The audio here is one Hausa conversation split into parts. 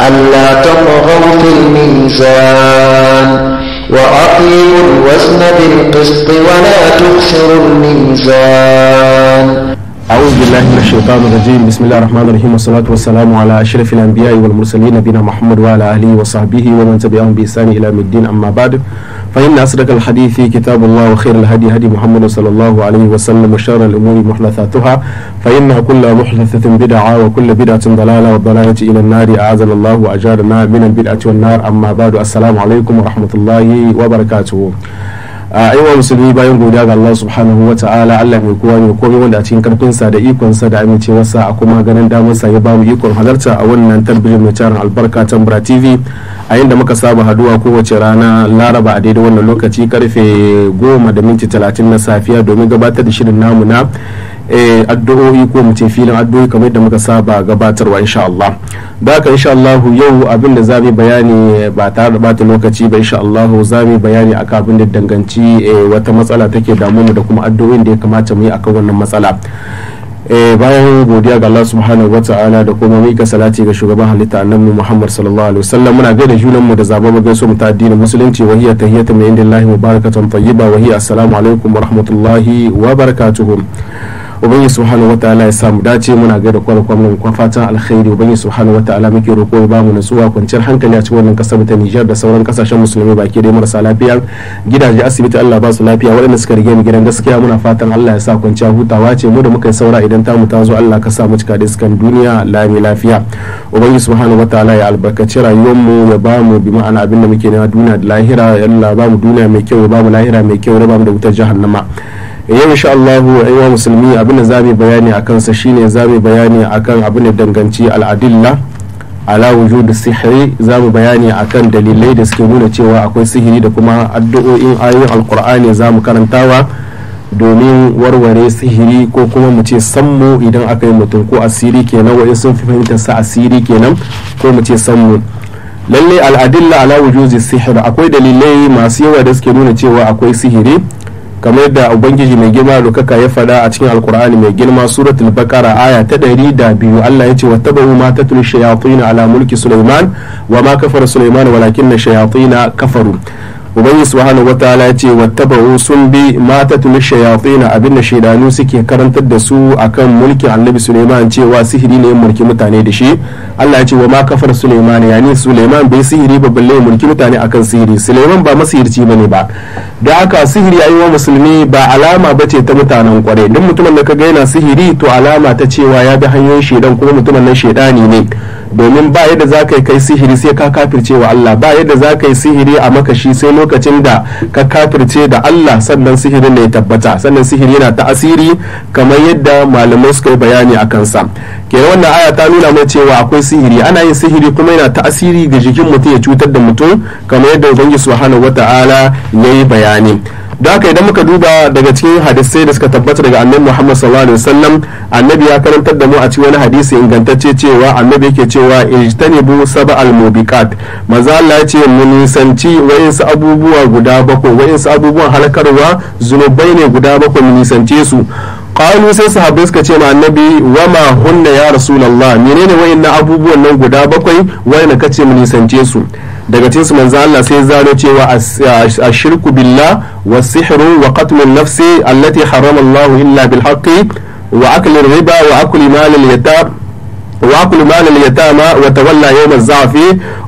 ألا تطغوا في الميزان وأقيموا الوزن بالقسط ولا تخسروا الميزان أعوذ بالله من الشيطان الرجيم بسم الله الرحمن الرحيم والصلاة والسلام على أشرف الأنبياء والمرسلين نبينا محمد وعلى آله وصحبه ومن تبعهم بإحسان إلى الدين أما بعد فإن أصدق الحديث كتاب الله وخير الهدي هدي محمد صلى الله عليه وسلم وشر الأمور محدثاتها فإن كل محدثة بدعة وكل بدعة ضلالة والضلالة إلى النار أعاذنا الله وأجارنا من البدعة والنار أما بعد السلام عليكم ورحمة الله وبركاته a aiwa musulmi bayan godiya ga Allah subhanahu wa ta'ala Allah mai kowa mai komai wanda a cikin karfinsa da ikonsa da amincewarsa a kuma ganin damarsa ya bamu ikon halarta a wannan talbijin mai tarin albarka tambara tv a yadda muka saba haduwa kowace rana laraba a daidai wannan lokaci karfe goma da minti talatin na safiya domin gabatar da shirin namuna. Eh, addu'o'i ko mu ce filin addu'o'i kamar yadda muka saba gabatarwa insha Allah da haka insha Allah yau abin da zamu bayani ba tare da bata lokaci ba insha Allah zamu bayani akan abin da danganci eh, wata matsala take damu mu da kuma addu'o'in da ya kamata mu yi akan wannan matsala eh, bayan godiya ga Allah subhanahu wa ta'ala da kuma mika salati ga shugaban halitta annabi Muhammad sallallahu alaihi wasallam muna gaida junan mu da zaba mu gaiso mu ta addinin musulunci wa hiya tahiyatu min indillahi mubarakatan tayyiba wa hiya assalamu alaikum wa rahmatullahi wa barakatuh ubangi subhanahu ala ya samu dace muna gaida kwa kwamnan kwa fatan alkhairi ubangi subhanahu ala muke roƙo ya bamu nutsuwa kwanciyar hankali a cikin wannan kasar ta Nijar da sauran kasashen musulmi baki da marasa lafiya gidaje asibiti Allah ba su lafiya waɗanda suka rige mu gidan gaskiya muna fatan Allah ya sa kwanciya hutawa ce mu da muka saura idan ta mu ta zo Allah ka sa mu cika da iskan duniya lami lafiya ubangi subhanahu ala ya albarkaci rayuwar mu ya bamu bi ma'ana abin da muke nema duniya da lahira ya Allah bamu duniya mai kyau ya bamu lahira mai kyau ya bamu da wutar jahannama yau insha Allah wa musulmi abin da za mu bayani a kansa shine za mu bayani akan abin da danganci al'adilla ala wujud sihiri za mu bayani akan dalilai da suke nuna cewa akwai sihiri da kuma addu'o'in ayoyin alkur'ani za mu karantawa domin warware sihiri ko kuma mu ce sammu idan aka yi mutum ko asiri kenan wa sun fi fahimtar sa asiri kenan ko mu ce sammu lallai al'adilla ala wujud sihiri akwai dalilai masu yawa da suke nuna cewa akwai sihiri kamar yadda ubangiji mai girma dokaka ya fada a cikin alkur'ani mai girma suratul bakara aya ta ɗari da biyu allah ya ce wa ba ma ta tuni shayatin ala mulki suleiman wa ma kafara sulaiman walakin shayatin kafaru ubangi subhanahu wataala ya ce wattaba'u sun bi mata tulu shayatin abin da shaidanu suke karantar da su akan mulkin annabi suleiman cewa sihiri ne mulki mutane da shi allah ya ce wa ma kafar suleiman yani suleiman bai sihiri ba balle mulki mutane akan sihiri suleiman ba masihirci bane ba da haka sihiri ayi wa musulmi ba alama ba ce ta mutanen kware duk mutumin da ka ga yana sihiri to alama ta cewa ya bi hanyoyin shaidan kuma mutumin nan shaidani ne domin ba yadda za ka yi kai sihiri sai ka kafirce wa Allah ba yadda za ka yi sihiri a makashi sai lokacin da ka kafirce da Allah sannan sihiri ne ya tabbata sannan sihiri yana ta asiri kamar yadda malamai suka yi bayani a kansa ke wannan aya ta nuna mai cewa akwai sihiri ana yin sihiri kuma yana ta asiri ga jikin mutum ya cutar da mutum kamar yadda ubangiji subhanahu wata'ala ya yi bayani da haka idan muka duba daga cikin hadisai da suka tabbata daga annabi Muhammad sallallahu alaihi wasallam annabi ya karantar da mu a cikin wani hadisi ingantacce cewa annabi yake cewa ijtanibu sab'al mubiqat maza Allah ya ce mu nisanci wayansu abubuwa guda bakwai wayansu abubuwan halakarwa zunubai ne guda bakwai mun nisance su qalu sai sahabbai suka ce ma annabi wama hunna ya rasulullah menene wayannan abubuwan nan guda bakwai wayanda kace mu nisance su daga cikin su manzo Allah sai zaro cewa ashirku billah wa sihru wa qatlun nafsi allati harama Allah illa bil haqqi wa akli riba wa akli mal al واكل مال اليتامى وتولى يوم الزعف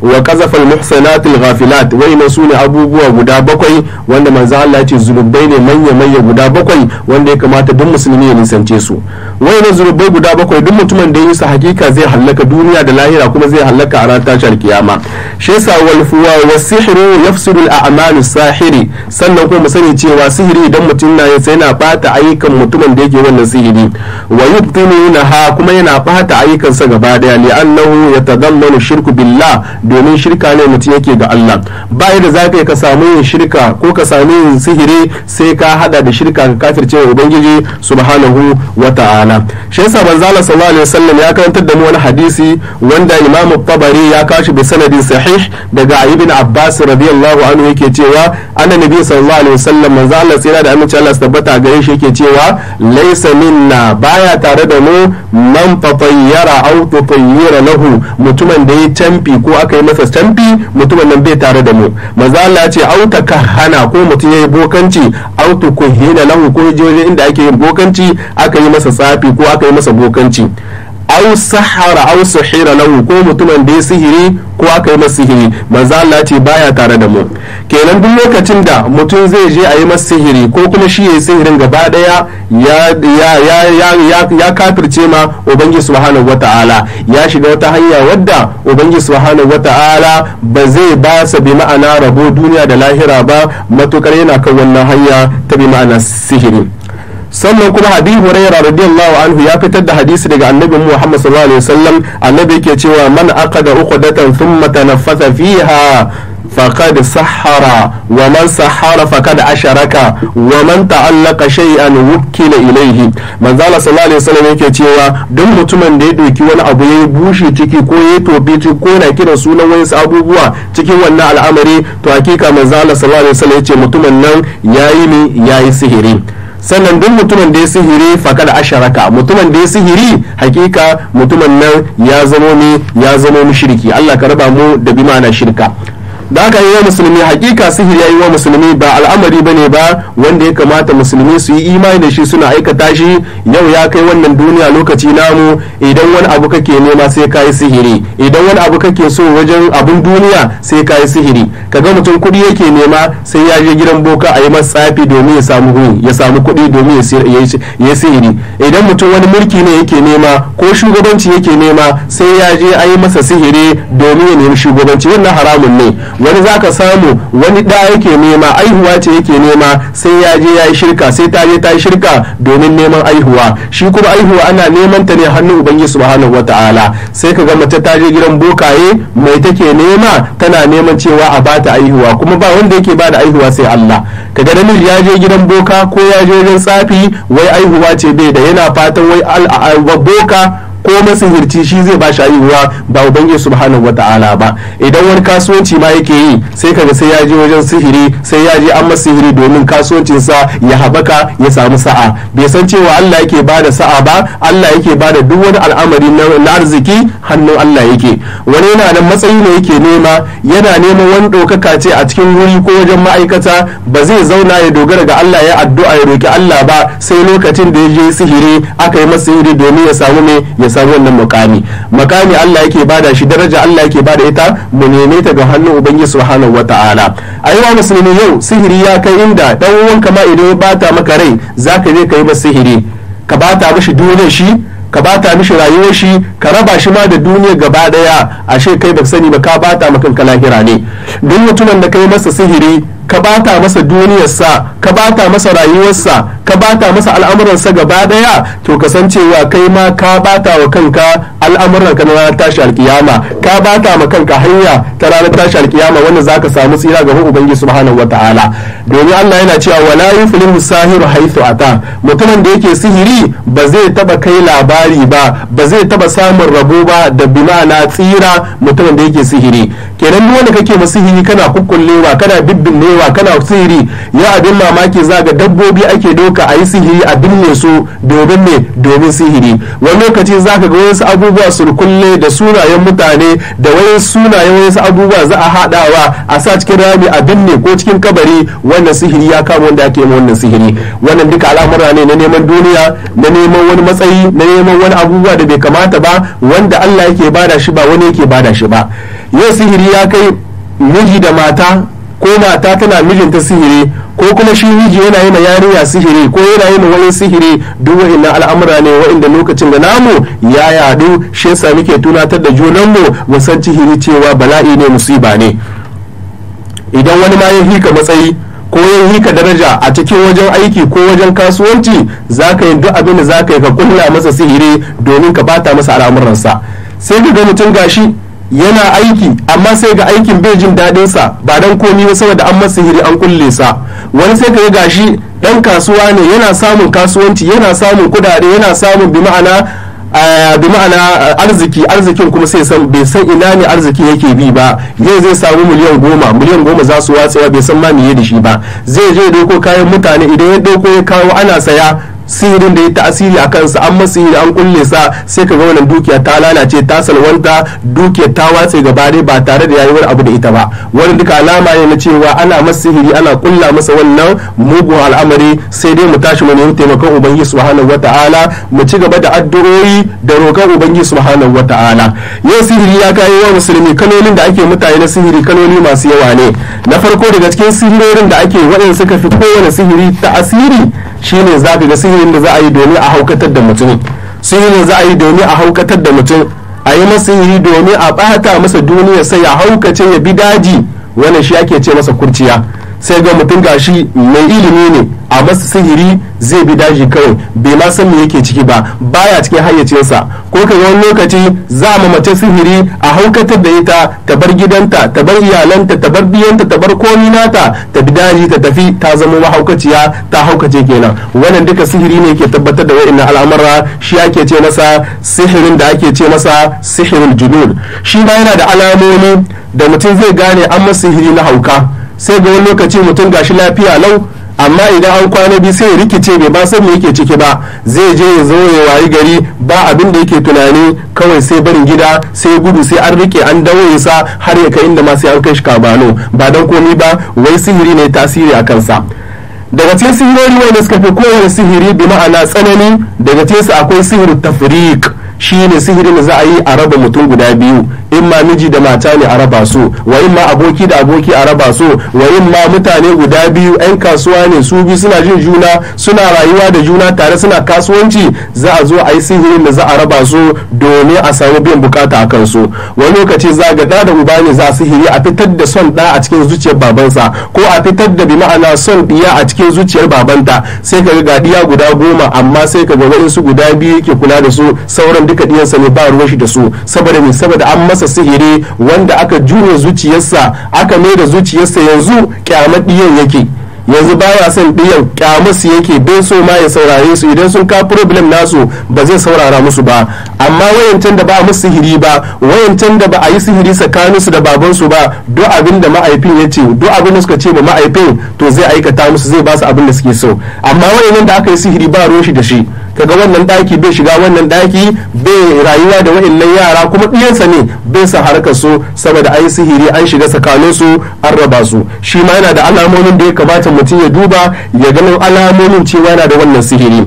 وقذف المحصنات الغافلات وين سوني abubuwa guda bakwai wanda manzo Allah ce zulubai ne manya manya guda bakwai wanda ya kamata duk musulmi ya nisance su waina zulubai guda bakwai duk mutumin da ya yi su hakika zai hallaka duniya da lahira kuma zai hallaka a ran tashar kiyama shi yasa wal fuwa wasihru yafsidu al a'malu sahiri sannan kuma mu sani cewa sihiri idan mutum na sai yana bata ayyukan mutumin da yake wannan sihiri wa yubtiluna ha kuma yana bata ayyukan rayuwarsa gaba daya li'annahu yatadammanu shirku billah domin shirka ne mutum yake ga Allah ba da zaka ka samu yin shirka ko ka samu yin sihiri sai ka hada da shirka ka kafirce wa ubangiji subhanahu wa ta'ala shi yasa manzala sallallahu alaihi wasallam ya karantar da mu wani hadisi wanda imamu tabari ya kashi bi sanadin sahih daga ibn abbas radiyallahu anhu yake cewa annabi sallallahu alaihi wasallam manzala tsira da aminci Allah tabbata gare shi yake cewa laysa minna baya tare da mu man fatayyara aw tutayyira lahu mutumin da ya tamfi ko aka yi masa tamfi mutumin nan bai tare da mu maza Allah ce aw takahana ko mutum yayi bokanci aw tukuhina lahu ko je inda ake yin bokanci aka yi masa safi ko aka yi masa bokanci aw sahara aw suhira lahu ko mutumin da ya sihiri ko aka yi masa sihiri manzo Allah ce baya tare da mu kenan duk lokacin da mutum zai je a yi masa sihiri ko kuma shi ya sihirin gaba daya ya ya ya ya kafirce ma ubangiji subhanahu wataala ya shiga wata hanya wadda ubangiji subhanahu wataala ba zai ba sa bi ma'ana rabo duniya da lahira ba matukar yana kan wannan hanya ta bi ma'ana sihiri sannan kuma abi huraira radiyallahu anhu ya fitar da hadisi daga annabi muhammad sallallahu alaihi wasallam annabi yake cewa man aqada uqdatan thumma tanaffasa fiha sahara wa man sahara faqad asharaka wa man ta'allaqa shay'an إليه ilayhi ذا صلى sallallahu alaihi wasallam yake cewa don mutumin da ya doki wani abu ya bushe ciki ko ya tobe ciki ko na kira sunan wani abubuwa cikin wannan al'amari to hakika manzo Allah sallallahu alaihi wasallam yace mutumin nan yayi ne yayi sihiri sannan duk mutumin da ya sihiri fakada asharaka mutumin da ya sihiri hakika mutumin nan ya zamo ne ya zamo mushriki Allah ka raba mu da bi ma'ana shirka da aka yi wa musulmi hakika sihiri ya yi wa musulmi ba al'amari bane ba wanda ya kamata musulmi su yi imani da shi suna aikata shi yau ya kai wannan duniya lokaci namu idan wani abu kake nema sai ka yi sihiri idan wani abu kake so wajen abun duniya sai ka yi sihiri kaga mutum kuɗi yake nema sai ya je gidan boka a yi masa tsafi domin ya samu hu ya samu kuɗi domin ya yi sihiri idan mutum wani mulki ne yake nema ko shugabanci yake nema sai ya je a yi masa sihiri domin ya nemi shugabanci wannan haramun ne wani za ka samu wani ɗa yake nema aihuwa ce yake nema sai ya je ya yi shirka sai ta je ta yi shirka domin neman aihuwa shi kuma aihuwa ana neman ta ne hannun ubangiji subhanahu wataala sai ka ga mace ta je gidan bokaye mai take nema tana neman cewa a bata aihuwa kuma ba wanda yake bada aihuwa sai Allah kaga namiji ya je gidan boka ko ya je gidan tsafi wai aihuwa ce bai da yana fatan wai boka ko masihirci shi zai ba shi haihuwa ba ubangiji subhanahu wata'ala ba idan wani kasuwanci ma yake yi sai kaga sai ya je wajen sihiri sai ya je an masa sihiri domin kasuwancin sa ya habaka ya samu sa'a bai san cewa Allah yake bada sa'a ba Allah yake bada duk wani al'amari na arziki hannun Allah yake wani yana da matsayi ne yake nema yana neman wani dokaka ce a cikin wuri ko wajen ma'aikata ba zai zauna ya dogara ga Allah ya addu'a ya roki Allah ba sai lokacin da ya je sihiri aka yi masa sihiri domin ya samu ne ya da samu wannan makami makami Allah yake bada shi daraja Allah yake bada ita mu neme ta ga hannun ubangiji subhanahu wataala yiwa musulmi yau sihiri ya kai inda dan uwanka ma idan ya bata maka rai zaka je ka yi masa sihiri ka bata mishi duniyar shi ka bata mishi rayuwar shi ka raba shi ma da duniya gaba daya ashe kai baka sani ba ka bata maka kanka lahira ne duk mutumin da kai masa sihiri ka bata masa duniyarsa ka bata masa rayuwarsa ka bata masa al'amuransa gaba daya to ka san cewa kai ma ka bata wa kanka al'amuran ka na ranar tashi alkiyama ka bata ma kanka hanya ta ranar tashi alkiyama wanda zaka samu tsira gaban ubangiji subhanahu wataala domin Allah yana cewa wala yuflihu sahiru haythu ata mutumin da yake sihiri ba zai taba kai labari ba ba zai taba samun rabo ba da bima'ana tsira mutumin da yake sihiri kenan duk wanda kake ma sihiri kana kukkullewa kana ne. cewa kana sihiri ya abin mamaki zaga dabbobi ake doka a yi sihiri a binne su domin ne domin sihiri wani lokaci za ka ga wasu abubuwa surkulle da sunayen mutane da wani sunayen wasu abubuwa za a haɗawa a sa cikin rami a binne ko cikin kabari wannan sihiri ya kama wanda ake yi wannan sihiri wannan duka al'amura ne na neman duniya na neman wani matsayi na neman wani abubuwa da bai kamata ba wanda Allah yake bada shi ba wani yake bada shi ba yau sihiri ya kai miji da mata ko mata tana mijinta sihiri ko kuma shi miji yana yi ma yarinya sihiri ko yana yi ma wani sihiri duk wa'annan al'amura ne wa'inda lokacin da namu ya yadu shi yasa muke tunatar da junanmu mu san sihiri cewa bala'i ne musiba ne idan wani ma ya hika matsayi ko ya hika daraja a cikin wajen aiki ko wajen kasuwanci za ka yi duk abin da za ka yi ka kulla masa sihiri domin ka bata masa al'amuransa sai ka ga mutum gashi yana aiki amma sai ga aikin bai jin daɗin sa ba dan komi ba saboda an masa hiri an kulle sa wani sai ka ga gashi dan kasuwa ne yana samun kasuwanci yana samun kudade yana samun bi ma'ana bi ma'ana arziki arzikin kuma sai san bai san ina ne arziki yake bi ba yau zai samu miliyan goma miliyan goma za su watsewa bai san ma meye da shi ba zai je doko kayan mutane idan ya doko ya kawo ana saya sihirin da ya tasiri a kansa an masihiri an kulle sa sai ka ga wannan dukiya ta lalace ta salwanta dukiyar ta watse gaba dai ba tare da yayi wani abu da ita ba wani duka alama ne na cewa ana masihiri ana kulla masa wannan mugu al'amari sai dai mu tashi mu nemi taimakon ubangiji subhanahu wataala mu ci gaba da addu'o'i da roƙon ubangiji subhanahu wataala yau sihiri ya kai wa musulmi kalolin da ake mutane na sihiri kaloli masu yawa ne na farko daga cikin sihirorin da ake waɗanda suka fi kowane sihiri ta asiri shine zaka ga sihiri Yin da za a yi domin a haukatar da mutum sihirin za a yi domin a haukatar da mutum a yi masa sihiri domin a ɓata masa duniya sai ya haukace ya bi daji wannan shi ake ce masa kurciya sai ga mutum gashi mai ilimi ne a masa sihiri zai bi daji kawai bai ma san me yake ciki ba baya cikin hayyacinsa ko kai wani lokaci za mu mace sihiri a haukatar da ita ta bar gidanta ta bar iyalanta ta bar biyanta ta bar komi nata ta bi daji ta tafi ta zama mahaukaciya ta haukace kenan wannan duka sihiri ne ke tabbatar da wa'annan al'amura shi ake ce masa sihirin da ake ce masa sihirin junun shi ma yana da alamomi da mutum zai gane an masa sihiri na hauka sai ga wani lokaci mutum gashi lafiya lau amma idan an kwana biyu sai ya rikice bai ba san me yake ciki ba zai je ya zo ya wayi gari ba abin da yake tunani kawai sai barin gida sai gudu sai an rike an dawoye sa har ya kai inda ma sai an kai shi kabano ba dan komai ba wai sihiri ne tasiri a kansa daga cikin sihirori wanda suka fi kowane sihiri bi ma'ana tsanani daga cikin su akwai sihirin tafriq Shi ne sihirin da za a yi a raba mutum guda biyu in ma miji da mata ne a raba su wa in ma aboki da aboki a raba su wa in ma mutane guda biyu 'yan kasuwa ne su biyu suna jin juna suna rayuwa da juna tare suna kasuwanci za a zo a yi sihirin da za a raba su domin a samu biyan bukata a kansu wani lokaci za ga da uba ne za sihiri a fitar da son da a cikin zuciyar babansa ko a fitar da bi ma'ana son ɗiya a cikin zuciyar babanta sai ka ga diya guda goma amma sai ka ga su guda biyu ke kula da su sauran duka diyansa ne ba ruwan shi da su saboda me saboda an masa sihiri wanda aka jure zuciyarsa aka mai da zuciyarsa yanzu kyamar diyan yake yanzu baya son ɗiyan kyamusu yake bai so ma ya saurare su idan sun ka problem nasu ba zai saurara musu ba amma wayancan da ba a musu sihiri ba wayancan da ba a yi sihiri tsakaninsu da babansu ba duk abin da ma'aifin ya ce duk abin da suka ce ma ma'aifin to zai aikata musu zai ba su abin da suke so amma wayannan da aka yi sihiri ba ruwan shi da shi kaga wannan daki bai shiga wannan daki bai rayuwa da wa'annan yara kuma ɗiyansa ne bai sa harkar su saboda ai sihiri an shiga tsakanin su an raba su shi ma yana da alamomin da ya kamata mutum ya duba ya ganin alamomin cewa yana da wannan sihiri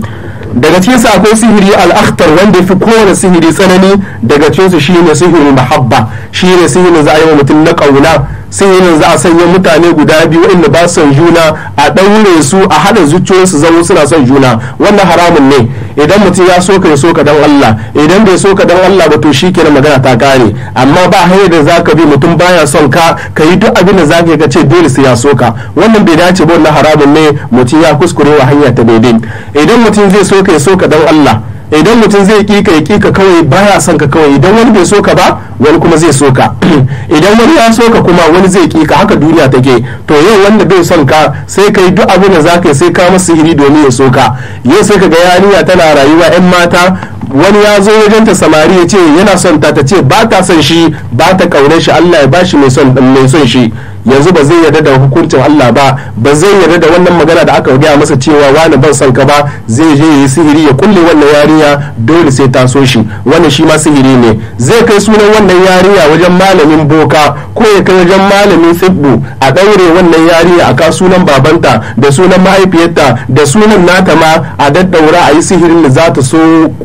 daga cikin sa akwai sihiri al-akhtar wanda yafi kowane sihiri tsanani daga cikin su shine sihirin mahabba shine sihirin za a yi wa mutum na kauna sai yanin za a sanya mutane guda biyu inda ba son juna a ɗaure su a haɗa zuciyoyinsu zama suna son juna wannan haramun ne idan mutum ya so ka ya so ka dan Allah idan bai so ka dan Allah ba to shi kenan magana ta kare amma ba hanyar da za ka bi mutum baya son ka ka yi duk abin da za ka ce dole sai ya so ka wannan bai dace ba wannan haramun ne mutum ya kuskure wa hanya ta daidai idan mutum zai so ka ya so ka dan Allah idan mutum zai kika ya kika kawai baya son ka kawai idan wani bai soka ba wani kuma zai soka idan wani ya soka kuma wani zai kika haka duniya take to yau wanda bai son ka sai kai duk abin da zaka yi sai ka masa iri domin ya soka yau sai ka ga yarinya tana rayuwa yan mata wani ya zo wajen ta samari ya ce yana son ta ta ce ba ta son shi ba ta kaunar shi Allah ya bashi mai son shi yanzu ba zai yarda da hukuncin Allah ba ba zai yarda da wannan magana da aka gaya masa cewa wani ban san ka ba zai je yi sihiri ya kulle wannan yariya dole sai ta so shi wannan shi ma sihiri ne zai kai sunan wannan yariya wajen malamin boka ko ya kai wajen malamin tsibbu a daure wannan yariya a ka sunan babanta da sunan mahaifiyarta da sunan nata ma a daddaura a yi sihirin da za ta so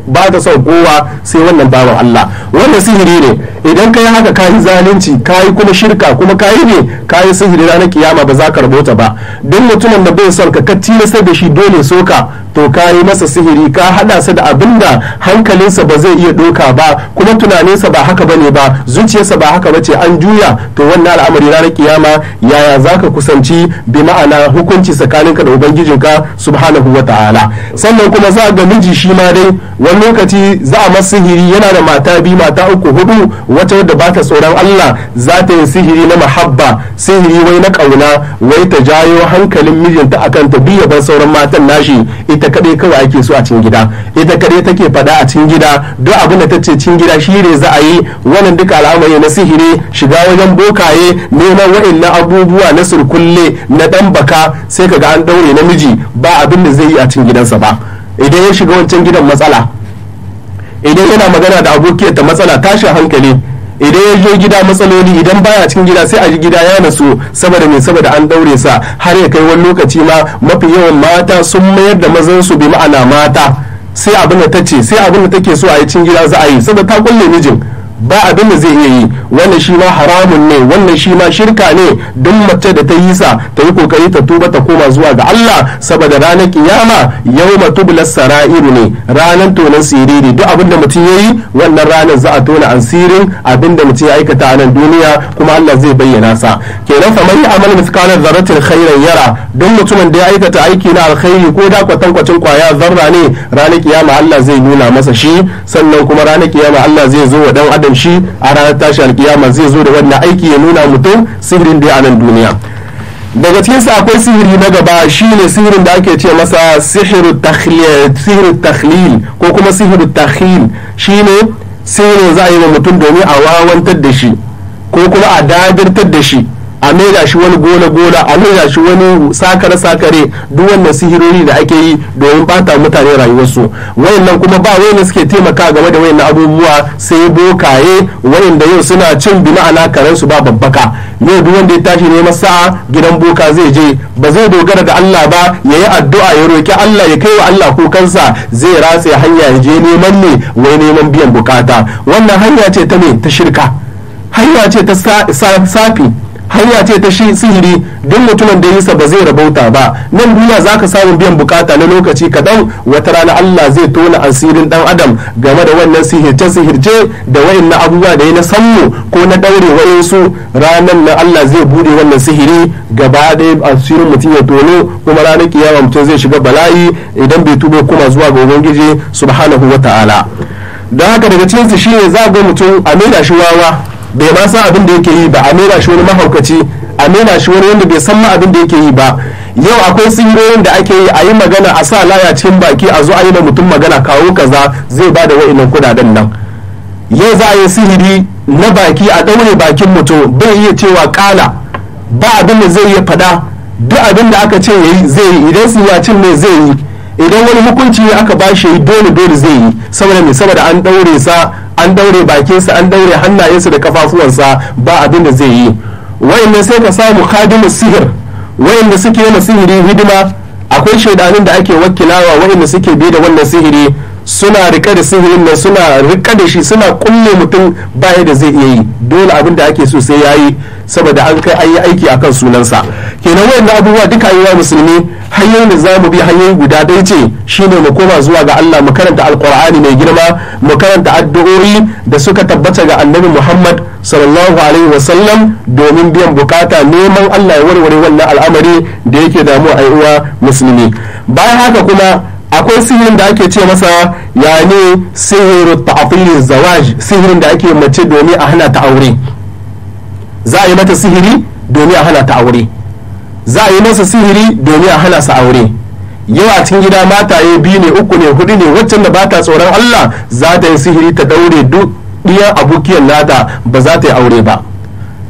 ba ta son kowa sai wannan bawan Allah wannan sihiri ne idan ka yi haka ka yi zalunci ka yi kuma shirka kuma ka yi ne ka yi sihiri ranar kiyama ba za ka rabota ba don mutumin da bai son ka ka sai da shi dole soka to ka yi masa sihiri ka hada sa da abin da hankalinsa ba zai iya doka ba kuma tunaninsa ba haka bane ba zuciyarsa ba haka bace an juya to wannan al'amari ranar kiyama yaya zaka kusanci bi ma'ana hukunci ka da ubangijinka subhanahu wa ta'ala sannan kuma za ga miji shi ma dai wani lokaci za a masa sihiri yana da mata biyu mata uku hudu wata wadda ba ta tsoron Allah za ta yi sihiri na mahabba sihiri wai na ƙauna wai ta jayo hankalin mijinta akan ta biya ban sauran matan nashi ita kaɗai kawai ake so a cikin gida ita kaɗai take faɗa a cikin gida duk abin da ta ce cikin gida shi ne za a yi wannan duka al'amari na sihiri shiga wajen bokaye neman wa'annan abubuwa na surkulle na dan baka sai kaga an ɗaure namiji ba abin da zai yi a cikin gidansa ba idan ya shiga wancan gidan matsala idan yana magana da abokiyar ta matsala tashin hankali idan ya zo gida matsaloli idan baya cikin gida sai a ji gida ya nasu saboda mai saboda an daure sa har ya kai wani lokaci ma mafi yawan mata sun mayar da mazan su bi ma'ana mata sai abin da ta sai abin da take so a yi cikin gida za a yi saboda ta kulle mijin ba abin da zai iya yi wannan shi ma haramun ne wannan shi ma shirka ne duk mace da ta yi sa ta yi kokari ta tuba ta koma zuwa ga Allah saboda ranar kiyama yawma tubla sara'iru ne ranar tonan siriri duk abin da mutum yayi wannan ranar za a tona asirin abin da mutum ya aikata a nan duniya kuma Allah zai bayyana sa kenan fa man ya'mal mithqala dharratin khairan yara duk mutumin da ya aikata aiki na alkhairi ko da kwatan kwacin kwaya zarra ne ranar kiyama Allah zai nuna masa shi sannan kuma ranar kiyama Allah zai zo wa dan adam wannan shi a ranar tashi alkiyama zai zo da wannan aiki ya nuna mutum sihirin da a nan duniya daga cikinsa akwai sihiri na gaba shine sihirin da ake ce masa sihiru takhlil ko kuma sihiru takhil shine sihirin za a yi wa mutum domin a wawantar da shi ko kuma a dadirtar da shi a maida shi wani gola gola a maida shi wani sakare sakare duk wannan sihirori da ake yi domin bata mutane rayuwarsu wayannan kuma ba wayanda suke taimaka game da wayannan abubuwa sai bokaye wayanda yau suna cin bi ma'ana karen su ba babbaka yau duk wanda ya tashi neman sa'a gidan boka zai je ba zai dogara ga Allah ba yayi addu'a ya roki Allah ya kai wa Allah kukansa zai ratse hanya ya je neman ne wai neman biyan bukata wannan hanya ce ta ne ta shirka hanya ce ta safi hanya ce ta shi sihiri duk mutumin da yisa ba zai rabauta ba nan duniya za ka samu biyan bukata na lokaci kaɗan wata rana Allah zai tona asirin ɗan adam game da wannan sihirce sihirce da wayan na abubuwa da ya na sammu ko na ɗaure wa'insu ranar na Allah zai bude wannan sihiri gaba ɗaya asirin mutum ya tono kuma ranar kiyama mutum zai shiga bala'i idan bai tubo kuma zuwa ga ubangiji subhanahu wa ta'ala don haka daga cikinsu shine za ga mutum a maida shi wawa bai ma san abin da yake yi ba a nuna shi wani mahaukaci a nuna shi wani wanda bai san ma abin da yake yi ba yau akwai singoyin da ake yi a yi magana a sa laya cikin baki a zo a yi da mutum magana kawo kaza zai ba da wa'inan kudaden nan yau za a yi sihiri na baki a ɗaure bakin mutum bai iya cewa kala ba abin da zai iya faɗa duk abin da aka ce yayi zai yi idan su a cin ne zai yi idan wani hukunci aka ba shi dole dole zai yi saboda me saboda an daure sa an daure bakinsa an daure hannayensa da kafafuwansa ba abin da zai yi wayanne sai ka samu khadimu sihir wayanda suke yi sihiri hidima akwai shaidanin da ake wakilawa wayanda suke bi da wannan sihiri suna rika da sihirin nan suna rika da shi suna kulle mutum baya da zai iya yi dole abin da ake so sai yayi saboda an kai an yi aiki akan sunansa kenan wayanne abubuwa duka yi musulmi Hanyar da za mu bi hanyoyi guda ɗaya ce shine mu koma zuwa ga Allah mu karanta alkur'ani mai girma mu karanta addu'o'i da suka tabbata ga annabi Muhammad sallallahu alaihi sallam domin biyan bukata neman Allah ya warware wannan al'amari da yake damu a uwa musulmi bayan haka kuma akwai sihirin da ake ce masa ne sihirin ta'afili zawaj sihirin da ake mace domin a hana ta aure za a yi mata sihiri domin a hana ta aure za a yi masa sihiri domin a hana sa aure yau a cikin gida mataye biyu ne uku ne hudu ne waccan da bata tsoron Allah za ta yi sihiri ta daure duk ɗiyan abokiyar nata ba za ta yi aure ba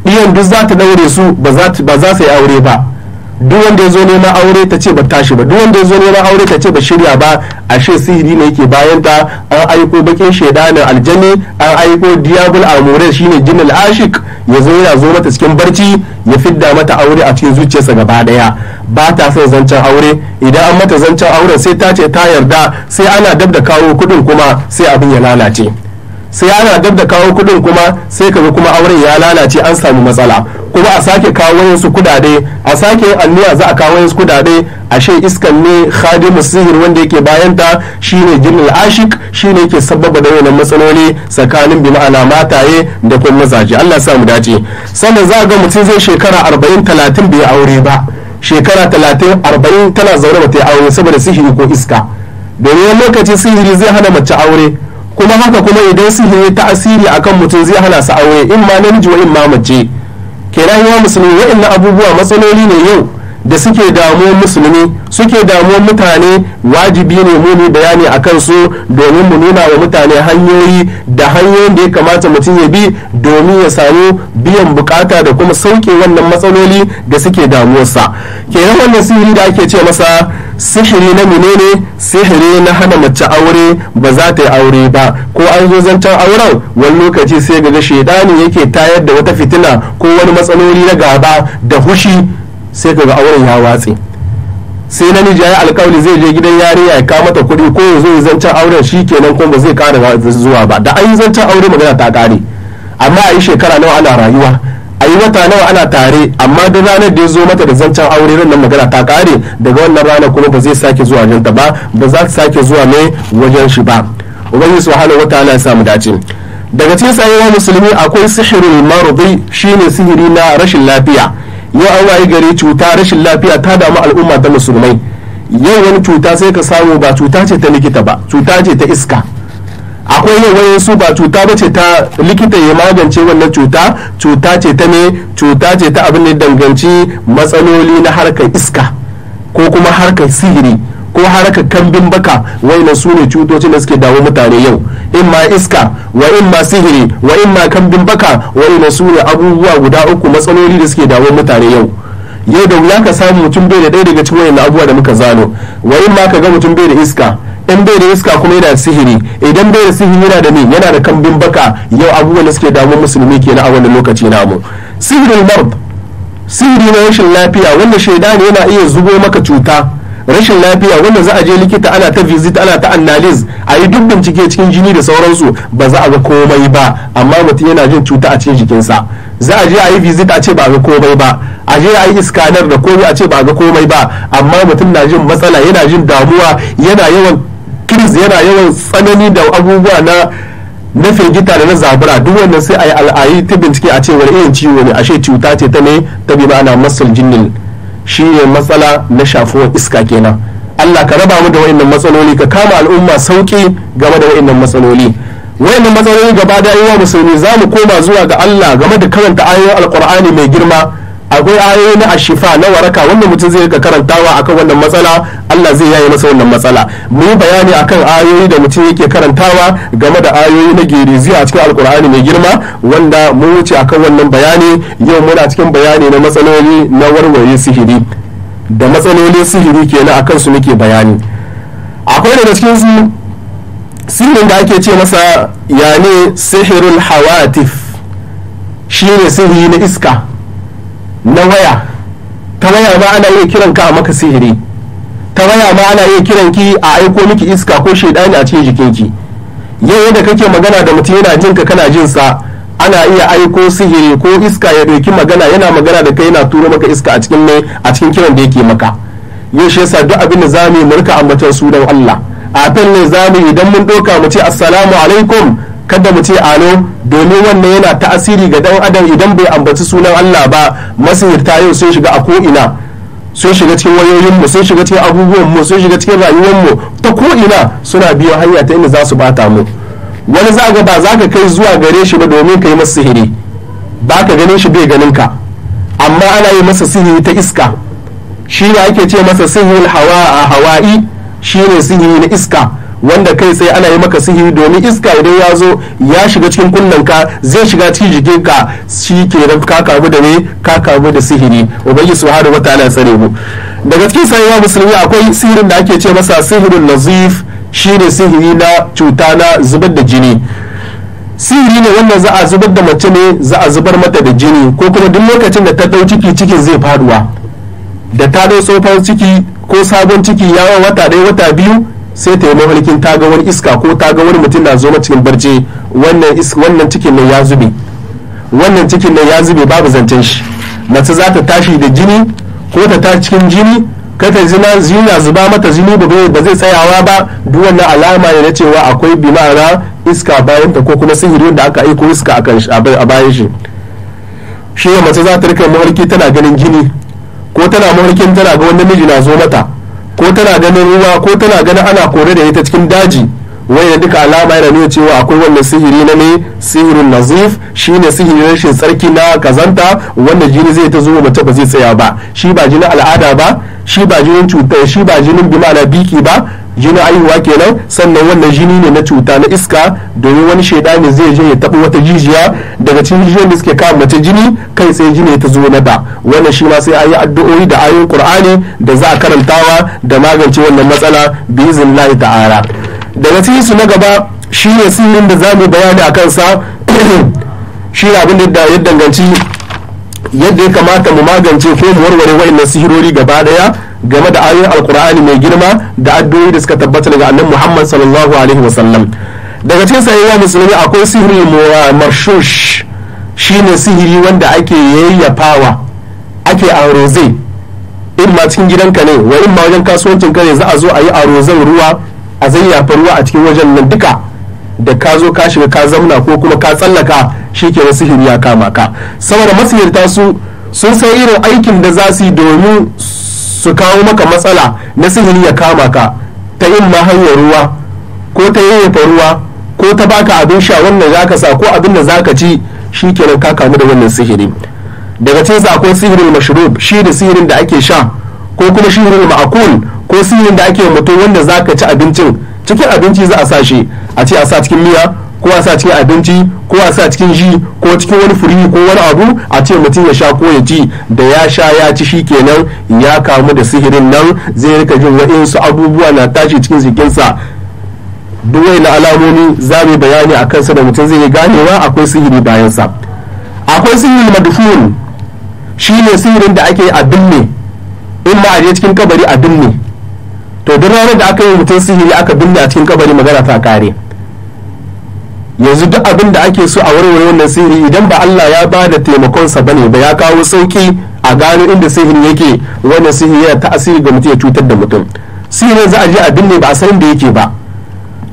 ɗiyan duk za ta daure su ba za su yi aure ba duk wanda ya zo neman aure ta ce ba tashi ba duk wanda ya zo neman aure ta ce ba shirya ba a ashe sihiri ne yake bayan ta an aiko bakin shaidanin aljani an aiko diabul amure shine jinil ashik ya zo yana zo mata cikin barci ya fidda mata aure a cikin zuciyarsa gaba daya ba ta son zancen aure idan an mata zancen aure sai ta ce ta yarda sai ana dab da kawo kudin kuma sai abin ya lalace sai ana gab da kawo kuɗin kuma sai kaga kuma auren ya lalace an samu matsala kuma a sake kawo su kudade a sake anniya za a kawo su kudade ashe iskan ne khadimu sihir wanda yake bayan ta shine jinnul ashik shine yake sababa da wannan matsaloli tsakanin bi ma'ana mataye da kuma mazaje Allah sa mu dace sannan za ga mutum zai shekara 40 30 bai aure ba shekara 30 40 tana zaune ta yi aure saboda sihiri ko iska domin lokaci sihiri zai hana mace aure kuma haka kuma idan sihiri ya ta'asiri akan mutum zai hana sa aure in ma namiji wa in ma mace kenan ya musulmi na abubuwa matsaloli ne yau da suke damuwar musulmi suke damuwar mutane wajibi ne mu bayani a su domin mu nuna wa mutane hanyoyi da hanyoyin da ya kamata mutum ya bi domin ya samu biyan bukata da kuma sauke wannan matsaloli da suke damuwarsa kenan wannan sihiri da ake ce masa sihiri na menene sihiri na hana mace aure ba za ta yi aure ba ko an zo zancen auren wani lokaci sai ga shaidani yake tayar da wata fitina ko wani matsaloli na gaba da hushi sai ga auren ya watse sai namiji ya yi alkawali zai je gidan yare ya kama ta kuɗi ko ya zo zancen auren shi kenan ko ba zai kara zuwa ba da an yi zancen aure magana ta kare amma a yi shekara nawa ana rayuwa a yi wata nawa ana tare amma duk ranar da ya zo mata da zancen aure ran nan magana ta kare daga wannan ranar kuma ba zai sake zuwa ta ba ba za ta sake zuwa ne wajen shi ba ubangiji subhanahu wataala ya samu dace daga cikin tsayawa musulmi akwai sihirul marudi shine sihiri na rashin lafiya yau an wayi gari cuta rashin lafiya ta damu al'umma ta musulmai yau wani cuta sai ka samu ba cuta ce ta likita ba cuta ce ta iska akwai yin wani su ba cuta ba ce ta likita ya magance wannan cuta cuta ce ta ne cuta ce ta abin da danganci matsaloli na harkar iska ko kuma harkar sihiri ko harkar kambin baka waina su ne cutocin da suke dawo mutane yau in ma iska wa in ma sihiri wa in ma kambin baka waina su ne abubuwa guda uku matsaloli da suke dawo mutane yau yau da wuya ka samu mutum bai da ɗaya daga cikin wayannan abubuwa da muka zano wa in ma ka ga mutum bai da iska in bai da iska kuma yana sihiri idan bai da sihiri yana da me yana da kambin baka yau abubuwan da suke damun musulmi kenan a wannan lokaci namu sihirin mard sihiri na rashin lafiya wanda shaidani yana iya zubo maka cuta rashin lafiya wanda za a je likita ana ta visit ana ta analyze a yi duk bincike cikin jini da sauransu ba za a ga komai ba amma mutum yana jin cuta a cikin jikinsa za a je a yi visit a ce ba ga komai ba a je a yi iskanar da komai a ce ba ga komai ba amma mutum na jin matsala yana jin damuwa yana yawan hirs yana yawan tsanani da abubuwa na na firgita da na zabura duk wanda sai a yi al'ayi ta bincike a cewar irin ciwo ne ashe cuta ce ta ne ta bi ma'ana masal jinnil shi ne matsala na shafuwar iska kenan Allah ka raba mu da wa'annan matsaloli ka kama al'umma sauki game da wa'annan matsaloli wa'annan matsaloli gaba da yawa musulmi za mu koma zuwa ga Allah game da karanta ayoyin alkur'ani mai girma akwai ayoyi na ashifa na waraka wanda mutum zai ka karantawa akan wannan matsala Allah zai yaye masa wannan matsala mu yi bayani akan ayoyi da mutum yake karantawa game da ayoyi na gereziya a cikin alkur'ani mai girma wanda mun wuce akan wannan bayani yau muna cikin bayani na matsaloli na warware sihiri da matsalolin sihiri kenan akan su muke bayani akwai da cikin su sihirin da ake ce masa ne sihirul hawatif shine sihiri na iska na waya ta waya ba ana iya kiran ka a maka sihiri ta raya ma ana iya kiran ki a aiko miki iska ko shaidani a cikin jikinki yau yadda kake magana da mutum yana jinka kana jin sa ana iya aiko sihiri ko iska ya ɗauki magana yana magana da kai yana turo maka iska a cikin mai a cikin kiran da yake maka yau shi yasa duk abin da zamu yi mu rika ambaton sunan Allah a kan ne za yi idan mun doka mu ce assalamu alaikum kada mu ce alo domin wannan yana ta'asiri ga dan adam idan bai ambaci sunan Allah ba ta yau sun shiga a ko ina sun shiga cikin wayoyinmu sun shiga cikin mu sun shiga cikin mu ta ko'ina suna biyo hanya ta inda za su bata mu wani za ga ba za ka kai zuwa gare shi ba domin ka yi masa sihiri ba ka ganin shi bai ganin ka amma ana yi masa sihiri ta iska shi ne ake ce masa sihiri hawa a hawa'i shi ne sihiri na iska wanda kai sai ana yi maka sihiri domin iska idan ya zo ya shiga cikin kunnanka zai shiga cikin jikinka shi ke da ka kamu da ne ka kamu da sihiri ubangi haɗu wataala ya tsare mu daga cikin sahiha musulmi akwai sihirin da ake ce masa sihirin nazif shi ne sihiri na cuta na zubar da jini sihiri ne wannan za a zubar da mace ne za a zubar mata da jini ko kuma duk lokacin da ta dau ciki cikin zai faduwa da ta ɗau tsofan ciki ko sabon ciki yawon wata ɗaya wata biyu sai ta yi mafarkin ta ga wani iska ko ta ga wani mutum na zo cikin barje wannan cikin nan ya zube wannan cikin nan ya zube babu zancen shi mace za ta tashi da jini ko ta tashi cikin jini kada zina zina zuba mata jini ba zai tsayawa ba duk wannan alama ne na cewa akwai bi ma'ana iska bayan ta ko kuma sihiri da aka aiko iska a bayan shi shi mace za ta rika mawarki tana ganin jini ko tana mawarkin tana ga wani miji na zo mata ko tana ganin ruwa ko tana ganin ana kore da ita cikin daji wanda duka alama yana nuna cewa akwai wannan sihiri na ne sihirin nazif shine sihirin rashin tsarki na kazanta wanda jini zai ta zuwa mace ba zai tsaya ba shi ba jini al'ada ba shi ba jinin cuta shi ba jinin bima na biki ba jinin aihuwa kenan sannan wannan jini ne na cuta na iska domin wani shaida ne zai je ya taɓa wata jijiya daga cikin jijiyoyin da suke kawo mace jini kai sai jini ta zo na da wannan shi ma sai yi addu'o'i da ayoyin qur'ani da za a karantawa da magance wannan matsala bi iznillahi ta'ala daga cikin su na gaba shi ne sirrin da za mu bayani a sa shi abin da ya danganci yadda ya kamata mu magance ko mu warware wa'annan sihirori gaba daya game da ayoyin alkur'ani mai girma da addu'o'i da suka tabbata daga annabi Muhammad sallallahu alaihi wasallam daga cikin sayayya musulmi akwai sihiri uh, marshush shine sihiri wanda ake yayyafawa ake aroze in ma cikin gidanka ne wa in ma wajen kasuwancin ne za a zo a yi arozan ruwa a zayyafa ruwa a cikin wajen nan duka da ka zo ka shiga ka zamna ko kuma ka tsallaka shi ke sihiri ya kama ka saboda masiyarta su sun san irin aikin da za su yi domin su kawo maka matsala na sihiri ya kama ka ta yin mahanyar ruwa ko ta yayyafa ruwa ko ta baka abin sha wannan zaka sa ko abin da zaka ci shi ke ka kamu da wannan sihiri daga cikin sa akwai sihirin mashrub shi da sihirin da ake sha ko kuma sihirin ma'akul ko sihirin da ake mutu wanda zaka ci abincin cikin abinci za a sa shi a ce a sa cikin miya ko a sa cikin abinci ko a sa cikin ji ko cikin wani furi ko wani abu a ce mutum ya sha ko ya ci da ya sha ya ci shi kenan ya kamu da sihirin nan zai rika jin wa'insu abubuwa na tashi cikin jikinsa duk na alamomi za mu bayani a kansa da mutum zai yi ganewa akwai sihiri bayansa akwai sihiri madhun ne sihirin da ake yi a binne in ma a je cikin kabari a binne to duk ranar da aka yi mutum sihiri aka binne a cikin kabari magana ta kare yanzu duk abin da ake so a warware wannan sihiri idan ba Allah ya ba da taimakonsa bane ba ya kawo sauki a gano inda sihiri yake wannan sihiri yana ta'asiri ga mutum ya cutar da mutum sihiri za a je a binne ba a san da yake ba